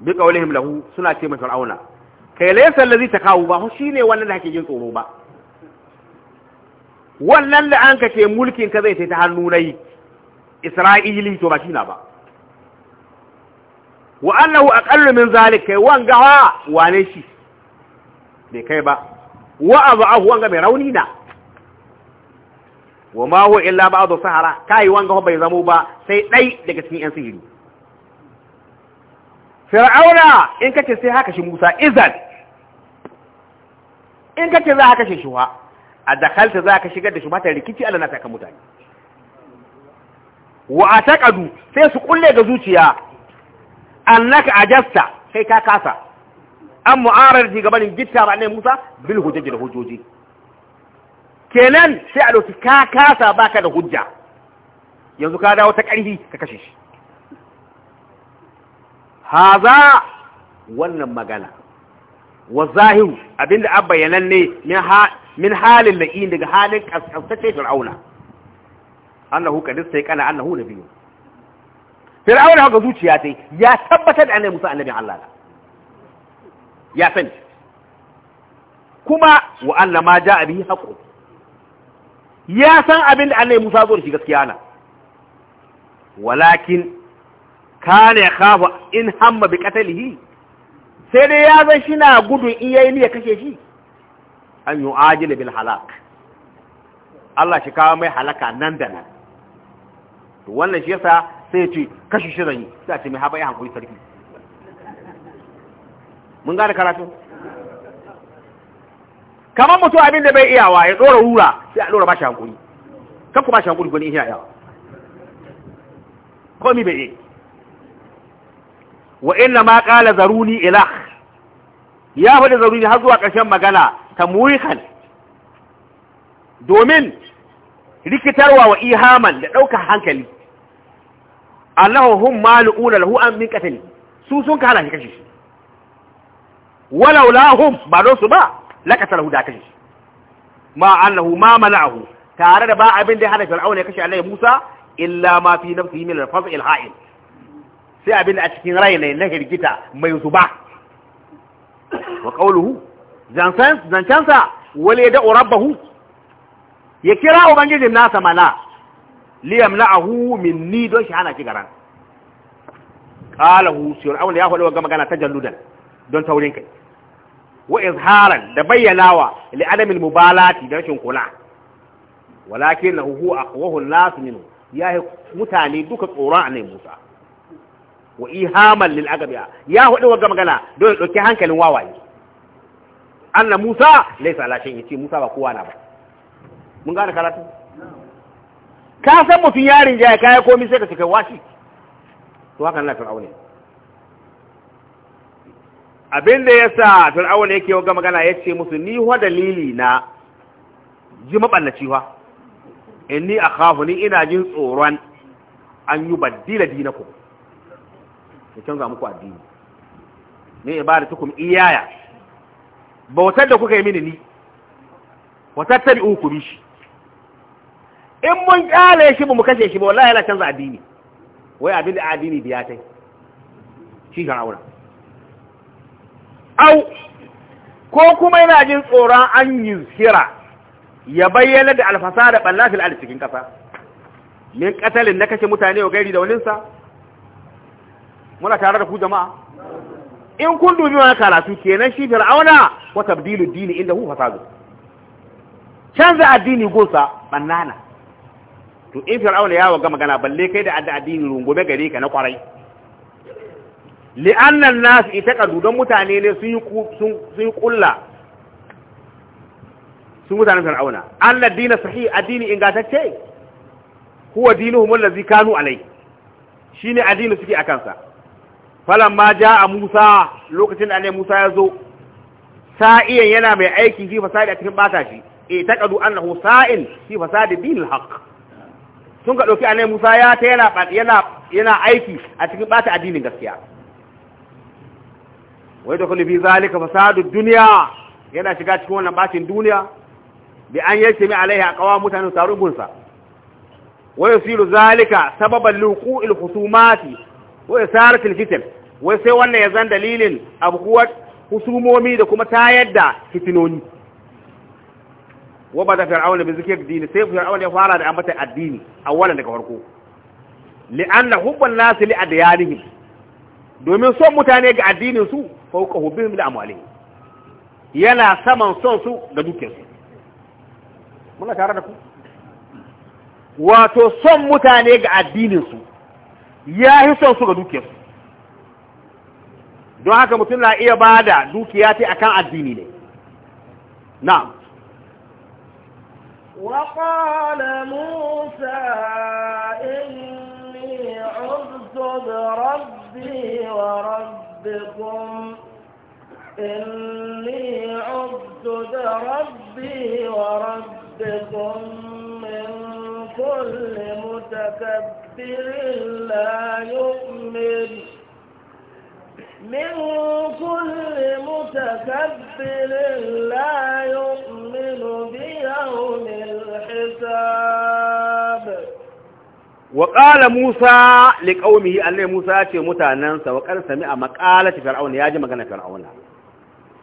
bi qawlihim lahu suna ce mai fir'auna kai laysa allazi takawu ba shi ne wannan da kake jin tsoro ba wannan da an kace mulkin ka zai ta hannu nayi isra'ili to ba shi na ba wa annahu aqallu min zalika wanga ha wane shi bai kai ba wa abahu wanga mai rauni na wa ma huwa illa ba'du sahara kai wanga bai zamo ba sai dai daga cikin yan sihiri fir'auna in kace sai haka shi Musa izan in kace za haka shi shuwa a dakalta za ka shigar da shi mata rikici Allah na saka mutane wa ataqadu sai su kulle ga zuciya annaka ajasta kai ka kasa an mu'arar shi gabanin gitta ba ne musa bil hujjaji da hujjoji kenan sai a dauki ka kasa baka da hujja yanzu ka dawo ta karfi ka kashe shi haza wannan magana wa zahiru abinda an bayyana ne min halin la'in daga halin kaskantacce fir'auna annahu kadista ya kana annahu biyu. fir'auna haka zuciya ta ya tabbatar da annabi musa annabin allah ya sani kuma wa anna ma ja'a ya san abin da annabi musa zo da shi gaskiya na walakin kana yakhafu in hamma bi qatlihi sai dai ya zan shi na gudun in yayi ya kashe shi an yu'ajil bil halak Allah shi kawo mai halaka nan da nan to wannan shi yasa sai ya ce kashi shi zan za sai a ce mai haɓa ya hankali sarki mun gane karatu kamar mutum abin da bai iyawa ya ɗora rura sai a ɗora ba shi hankali kanku ba shi hankali gwani iya yawa komi bai yi wa inna ma qala zaruni ilah ya faɗi zaruni har zuwa ƙarshen magana ta tamwihan domin rikitarwa wa ihaman da ɗaukar hankali Allahu hum malu'una lahu an min su sun ka halaka kashi walau lahum ba don su ba lakata lahu da kashi ma annahu ma mala'ahu tare da ba abin da ya hana fir'auna ya kashe Allah Musa illa ma fi nafsihi min al-fazl al-ha'il sai abin da a cikin rai ne na hirgita mai zuba wa qawluhu zancan zancansa wale da rabbahu ya kira ubangijin nasa mana liyam min ni don shi hana shi garan qalahu sir fir'aun ya hawla wa gana tajalludan don taurin kai wa izharan da bayyanawa li al mubalati da rashin kula walakin hu aqwahu an-nas minhu ya mutane duka tsoron annabi Musa wa ihaman lil agabiya ya hudu wa gama gana don doki dauki hankalin wawaye anna Musa laysa ala shay'in ce Musa ba kowa na ba mun gane karatu ka san mutum yarin jaya kaya komi sai ka ce kai washi to haka na fir'auna abin da ya sa fir'auna yake ga magana ya ce musu ni wa dalili na ji in ni inni akhafu ni ina jin tsoron an yi baddila dinakum ya canza muku addini ne tukun iyaya bautar da kuka yi mini ni wa tattabi'u ku bi shi in mun kyale shi ba mu kashe shi ba wallahi yana canza addini wai abin da addini biya tai shi fir'auna au ko kuma yana jin tsoron an yi hira ya bayyana da alfasa da ɓallafil a cikin ƙasa, min ƙasalin na kashe mutane wa gairi da waninsa muna tare da ku jama'a in kun dubi wani karatu kenan shi fir'auna wa tabdilu dini inda hu fasadu canza addini gosa bannana to in fir'aun ya waga magana balle kai da adda addini rungume gare ka na kwarai li'annan nas itaqadu don mutane ne sun yi sun sun kulla sun mutane fir'auna alla dina sahih addini ingantacce huwa dinuhum allazi kanu alai shine addini suke akan sa falamma jaa musa lokacin da annabi musa ya zo sa'iyan yana mai aikin fi fasadi a cikin bata shi itaqadu annahu sa'in fi fasadi dinil haqq sun ka ɗauki anai Musa ya ta yana aiki a cikin bata addinin gaskiya wai da kullu zalika fasadu duniya yana shiga cikin wannan ɓacin duniya da an yace a alaiha qawa mutanen tarubun wai wa yusiru zalika sababan luqu'il husumati wa isaratil fitan wai sai wannan ya zan dalilin abuwar husumomi da kuma tayar da fitinoni wa da fir'aun bi zikr dini sai fir'aun ya fara da ambata addini awwalan daga farko anna hubban nas li adyanihim domin son mutane ga addinin su fauka hubbihim li amwalihim yana saman son su ga dukiyarsu muna tare da ku wato son mutane ga addininsu ya yi son su ga dukiyarsu don haka mutum na iya bada dukiya ta akan addini ne na'am
وقال موسى إني عرض بربي وربكم إني عرض بربي وربكم من كل متكبر لا يؤمن من كل متكبر لا يؤمن بيوم الحساب
وقال موسى لقومه أن موسى ce mutanansa wa kan sami a makalati fir'auna yaji magana fir'auna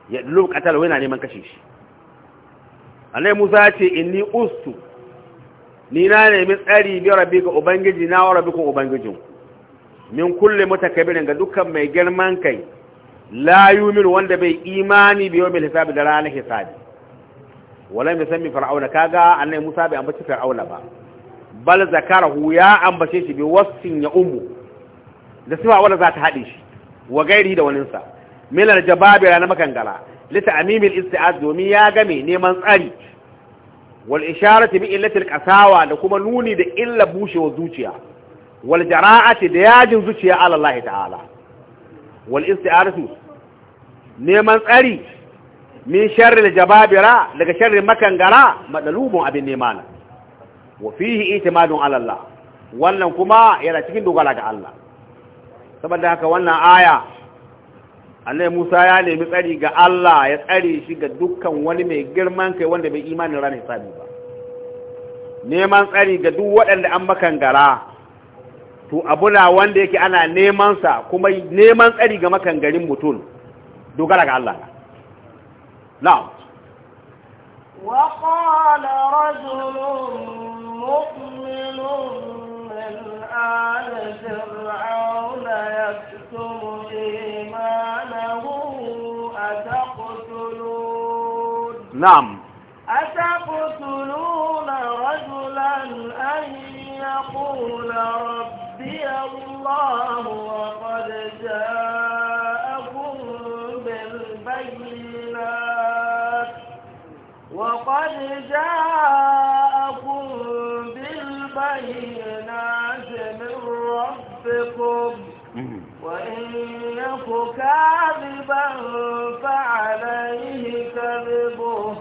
ya dulu katal wani neman kashe shi annai musa ce inni ustu ni na nemi tsari bi rabbika ubangiji na wa rabbikum ubangijin min kulli mutakabbirin ga dukkan mai girman kai la yu'minu wanda bai imani bi yawmil hisabi da ranar hisabi wala mai sami fir'auna kaga annai musa bai ambaci fir'auna ba bal zakarahu ya ambace shi bi wasfin ya ummu da sifa wala za ta haɗe shi wa gairi da waninsa milar jababira na makangala lita amimil isti'az domin ya game neman tsari wal isharati bi illatil qasawa da kuma nuni da illa bushewa zuciya wal jara'ati da yajin zuciya ala Allah ta'ala wal isti'aratu neman tsari min sharri jababira daga sharri makangara madalubun abin nema na wa fihi itimadun ala Allah wannan kuma yana cikin dogara ga Allah saboda haka wannan aya annabi Musa ya nemi tsari ga Allah ya tsare shi ga dukkan wani mai girman kai wanda bai imanin ranar hisabi ba neman tsari ga duk waɗanda an makangara to abuna wanda yake ana neman sa kuma neman tsari ga makangarin mutum dogara ga Allah نعم
وقال رجل مؤمن من آل فرعون يكتم إيمانه أتقتلون نعم أتقتلون رجلا أن يقول ربي الله وقد جاء وقد جاءكم بالبينات من ربكم وإن يك كاذبا فعليه كذبه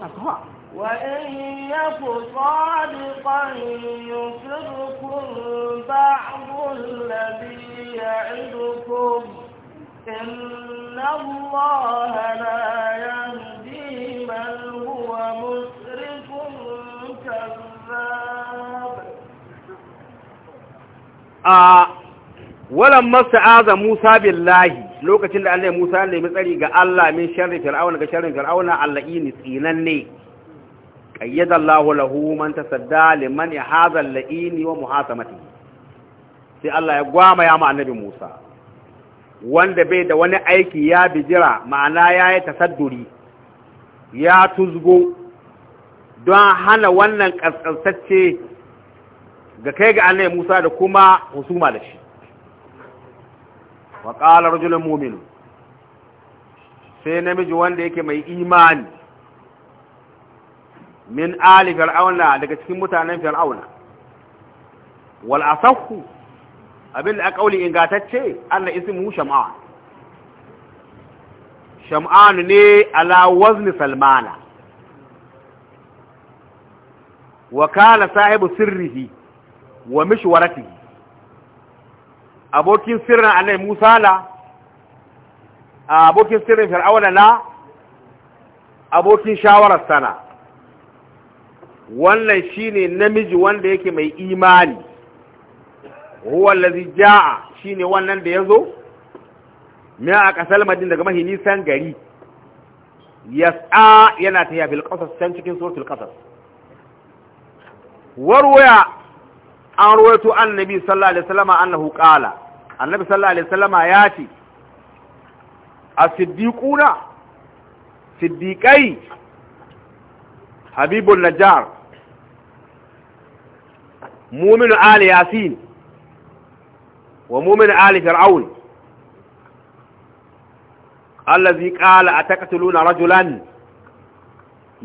وإن يك صادقا يصركم بعض الذي يعدكم إن الله لا يهدي بل هو مسرف كذاب
ولما استعاذ lokacin da Allah ya Musa nemi tsari ga Allah min sharri fir'auna ga sharrin fir'auna allaini tsinanne qayyada Allahu lahu man tasadda liman hadha allaini wa muhasamati sai Allah ya gwama ya ma annabi Musa wanda bai da wani aiki ya bijira ma'ana yayi tasadduri ya tuzgo don hana wannan ƙasƙasacce ga kai ga annai musa da kuma husuma da shi wa ƙala rajulun muminu sai namiji wanda yake mai imani min ali fir'auna daga cikin mutanen fir'auna wal asahu abin da ingatacce Allah mu shama'a sham'anu ne ala wazni salmana wa kana sahibu sirrihi wa mishwaratihi abokin sirrin annabi Musa la abokin sirrin fir'auna na abokin shawarar sana wannan shine namiji wanda yake mai imani huwa allazi jaa shine wannan da ya zo. min a kasal madin daga mahi nisan gari yas'a yana tafiya fil qasas can cikin suratul qasas warwaya an ruwaito annabi sallallahu alaihi wasallam annahu qala annabi sallallahu alaihi wasallam ya ce as-siddiquna siddiqai habibun najjar mu'minu ali yasin wa mu'minu ali fir'aun allazi qala ataqtuluna rajulan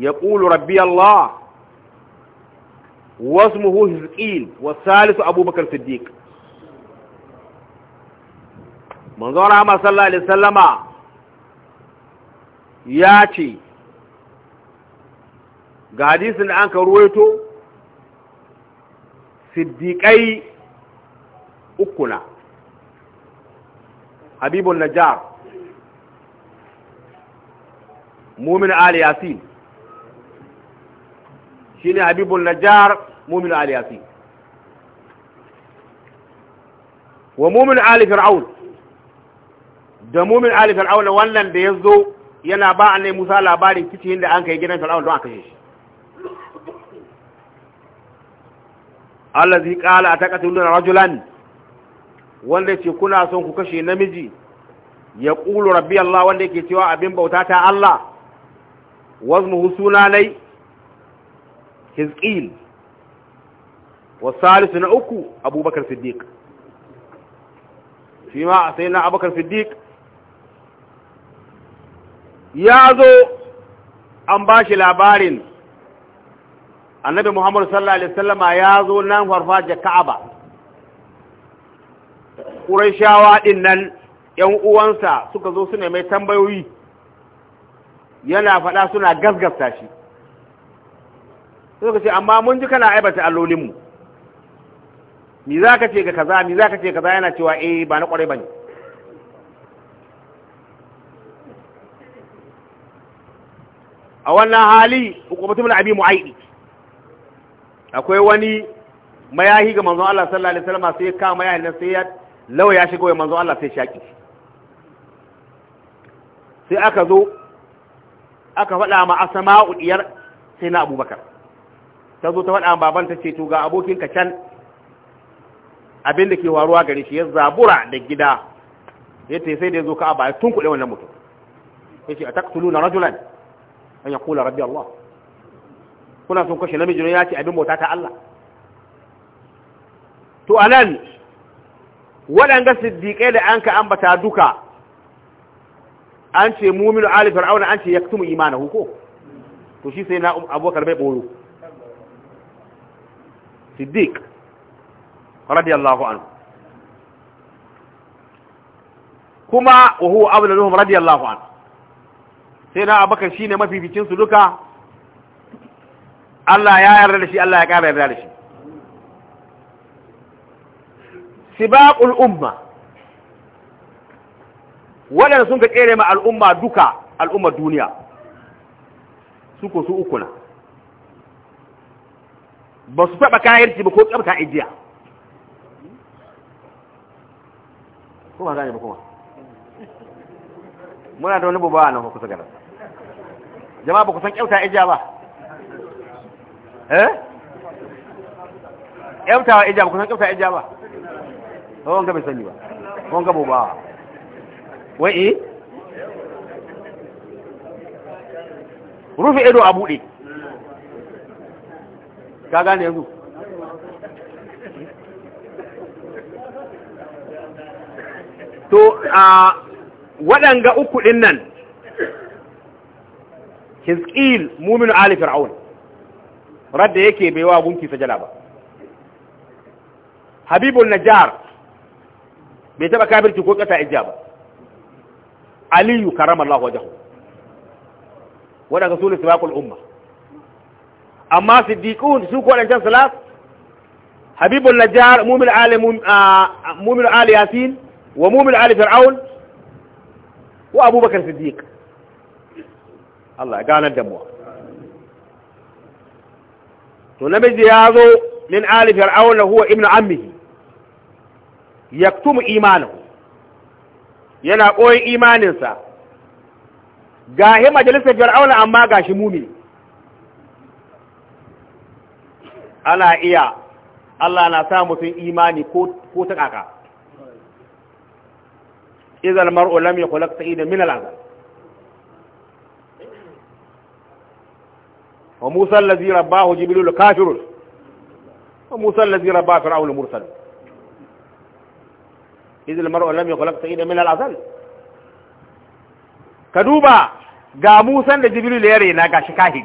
yaqulu rabbi allah واسمه هزقيل والثالث أبو بكر الصديق منظور عما صلى الله عليه وسلم ياتي ga hadisin da an ka ruwaito siddiƙai ukuna habibun najjar mumin ali shi ne habibul najar mumin ali wa mumin ali fir'aun da mumin ali fir'aun wannan da ya zo yana ba annai Musa labarin kicihin da an kai gidan fir'aun don aka shi Allah zai a qala ataqatuluna rajulan wanda ce kuna son ku kashe namiji ya qulu rabbi Allah wanda yake cewa abin bauta ta Allah wazmuhu sunanai hizqil wa salisu na uku abubakar siddiq shi ma sai na abubakar siddiq ya zo an ba shi labarin annabi muhammadu sallallahu alaihi wasallama ya zo nan farfajiyar ka'aba ƙurai shawa ɗin nan ‘yan uwansa suka zo su ne mai tambayoyi yana faɗa suna gasgasta shi suka ce amma mun ji kana aibata allolinmu mi za ka ce ga kaza mi za ka ce kaza yana cewa eh ba na ƙware ba ne a wannan hali mai abi mu'aidi akwai wani mayahi ga manzon Allah sallallahu alaihi wasallam sai ka mayahi na sai ya lawa ya shigo manzon Allah sai shaki sai aka zo aka faɗa ma asma'u diyar sai na abubakar ta zo ta faɗa ma baban ta ce to ga abokinka can abin da ke waruwa gare shi ya zabura da gida ya ce sai da ya zo ka'aba ya kuɗe wannan mutum ya ce a taktulu na rajulan an ya kula rabbi Allah kuna sun kashe namiji ne ya ce abin bauta ta Allah to anan waɗanga siddiƙai da an ka ambata duka an ce muminu ali fir'auna an ce yaktumu imanahu ko to shi sai na abubakar bai boyo siddiq radiyallahu anhu kuma wa huwa ablaluhum radiyallahu anhu sai na abubakar shine mafificin su duka Allah ya yarda da shi Allah ya kara yarda da shi sibaqul umma waɗanda sun ka ƙere ma al'umma duka al'ummar duniya su ko su uku na ba su taɓa kayarci ba ko tsabta ajiya kuma ne ba kuma muna da wani a nan kusa ganar
jama ba ku san kyauta
ijiya ba eh kyautawa ijiya ba ku san kyauta ijiya ba wanka bai sani ba wanka bubawa wai eh? rufe ido a buɗe ka gane yanzu to a waɗanga uku ɗin nan hiskil muminu ali fir'aun radda yake baiwa gunki sajala ba habibul najjar bai taɓa kafirci ko ƙasa ijja ba علي كرم الله وجهه وده رسول سباق الأمة أما صديقون سوكوا على الجنس ثلاث حبيب النجار مو من آل مو آه، آه، من آل ياسين ومو من آل فرعون وأبو بكر صديق الله قال الدموع تنمي زياده من آل فرعون وهو ابن عمه يكتم إيمانه yana koyi imaninsa gahi majalisar fir'auna amma gashi mumi ana iya Allah na sa mutum imani ko ta kaka izal mar'u lam kula sa'ida min al-azab wa musallazi rabba rabbahu jibril kafirun wa musallazi rabba rabbahu fir'aun idh al-mar'u lam yukhlaq sa'idan min al-azal ka duba ga musan da jibril ya rena gashi kahiri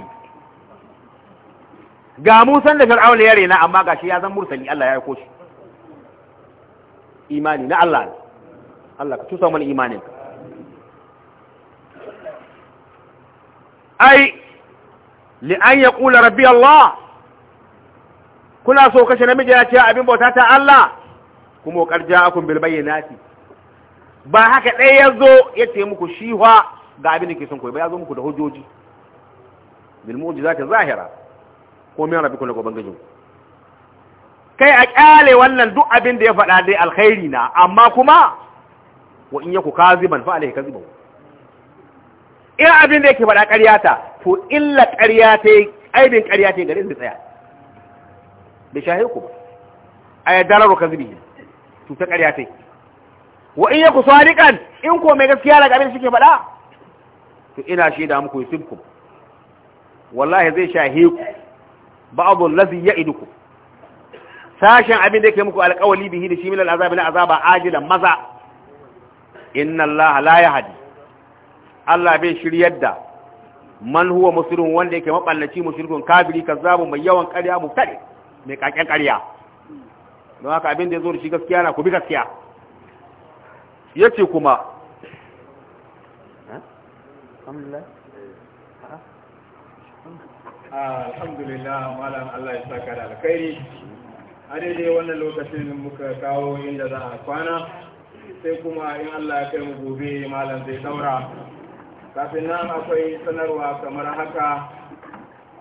ga musan da fir'aun ya rena amma gashi ya zan mursali Allah ya yi koshi imani na Allah Allah ka tusa mana imanin ai li an yaqula rabbi Allah kula so kashe namiji ya ce abin bauta ta Allah kuma qad ja'akum bil nati. ba haka ɗaya ya zo ya ce muku shi wa ga abin da ke son koyi ba ya zo muku da hujjoji bil mu'jizati zahira ko min rabbikum la ubangijin kai a ƙyale wannan duk abin da ya faɗa dai alkhairi na amma kuma wa in yaku kaziban fa alayhi kazibu in abin da yake faɗa ƙarya ta to illa ƙarya ta aibin ƙarya ta gare su tsaya da shahiku ba A ayyadarar kazibi cutar ƙarya ta wa in yaku sadiqan in ko mai gaskiya daga abin suke faɗa to ina shaida muku yusibkum wallahi zai shahe ku ya idu ku. sashen abin da yake muku alƙawali bihi da shi min al'azabi na azaba ajilan maza inna allaha la yahdi Allah bai shiryar da man huwa muslimun wanda yake maballaci mushrikun kafiri kazzabun mai yawan ƙarya mubtadi mai kaken ƙarya don haka abin da ya zo da shi gaskiya na ku bi gaskiya ya ce kuma eh?
ah, alhamdulillah malam Allah ya saka da alkhairi a daidai wannan lokacin muka kawo inda za kwana sai kuma in Allah ya kai mu gobe malam zai saura. kafin nan akwai sanarwa kamar haka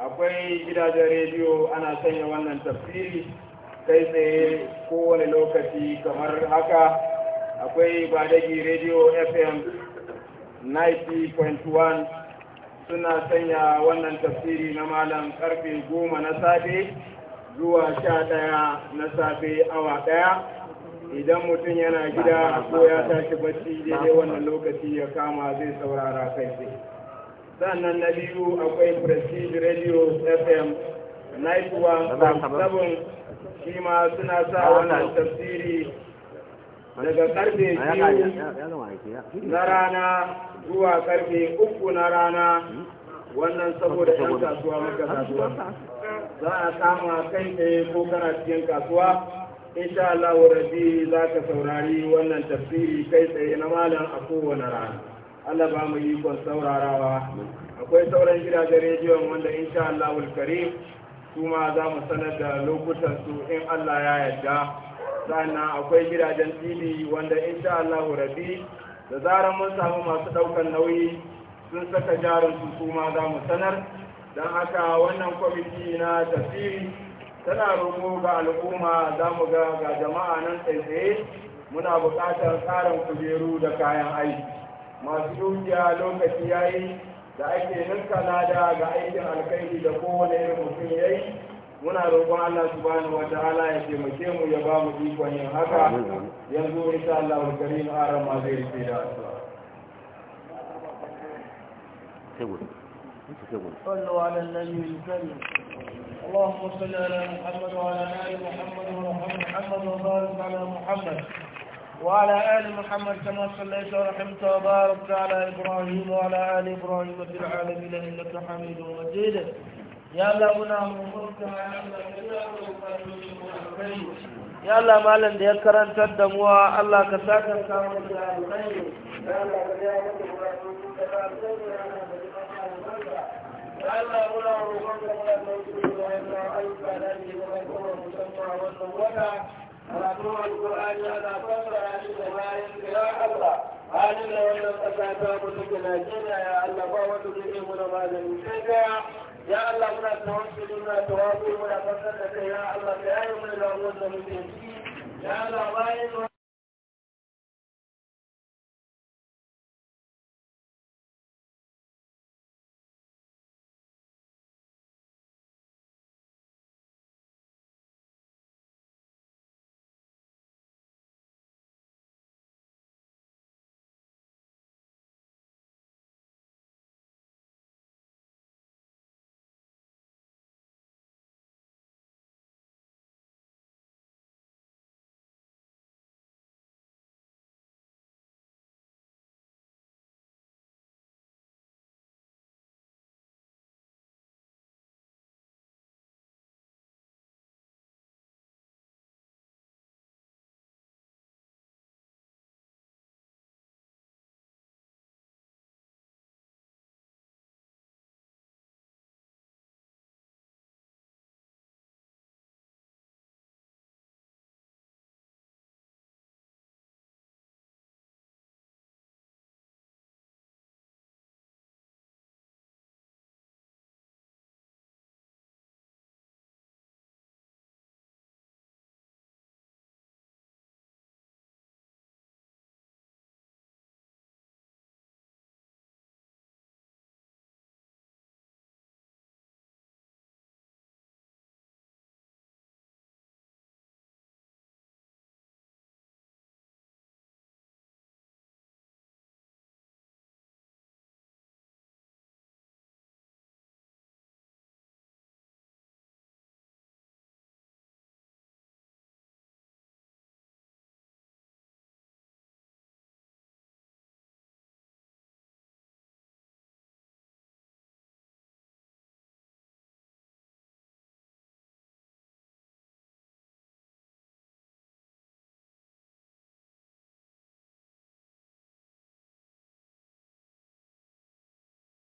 akwai gidajen rediyo ana sanya wannan tafsiri kai tsaye kowane lokaci kamar haka akwai badagi radio fm 90.1 suna sanya wannan tafsiri na malam karfe goma na safe zuwa sha daya na safe awa daya. idan mutum yana gida ko ya tashi bacci daidai wannan lokaci ya kama zai saurara kai tsaye sannan na biyu akwai prestige radio fm 91.7 shi ma suna sa wannan tafsiri daga karfe
biyu na
rana zuwa karfe uku na rana wannan saboda yan kasuwa muka kasuwa za a kama kai tsaye ko kana cikin kasuwa insha Allah rabbi za ka saurari wannan tafsiri kai tsaye na malam a kowane rana Allah ba mu ikon saurarawa akwai sauran gidajen rediyon wanda insha Allah karim su ma za mu sanar da lokutan su in Allah ya yarda sannan akwai gidajen dini wanda insha Allah rabi da zarar mun samu masu daukan nauyi sun saka jarin su su ma za mu sanar don haka wannan kwamiti na tafsiri tana roƙo ga al'umma za mu ga ga jama'a nan tsaye muna buƙatar tsarin kujeru da kayan aiki masu dukiya lokaci yayi da ake ninka lada ga aikin alkhairi da kowane irin mutum ya yi muna roƙon Allah bani wa ta'ala ya taimake mu ya ba mu ikon yin haka yanzu insha Allah karim aran ma zai rufe da
صلوا على النبي الكريم اللهم صل على محمد وعلى ال محمد محمد وبارك على محمد وعلى آل محمد كما صليت ورحمت وباركت على إبراهيم وعلى آل إبراهيم في العالمين إنك حميد مجيد يا الله منا مبارك يا الله ما لن يكرن تدم الله كساك كما يا الله يا الله يا الله يا الله يا الله يا الله يا الله يا الله يا الله يا الله يا الله يا الله karatun alkur'ani ana fassara shi bayan ya Allah halin da wannan ƙasa ta mu Najeriya ya Allah magani sai ya Allah muna tawassuli muna da kai ya Allah ya Allah
bayan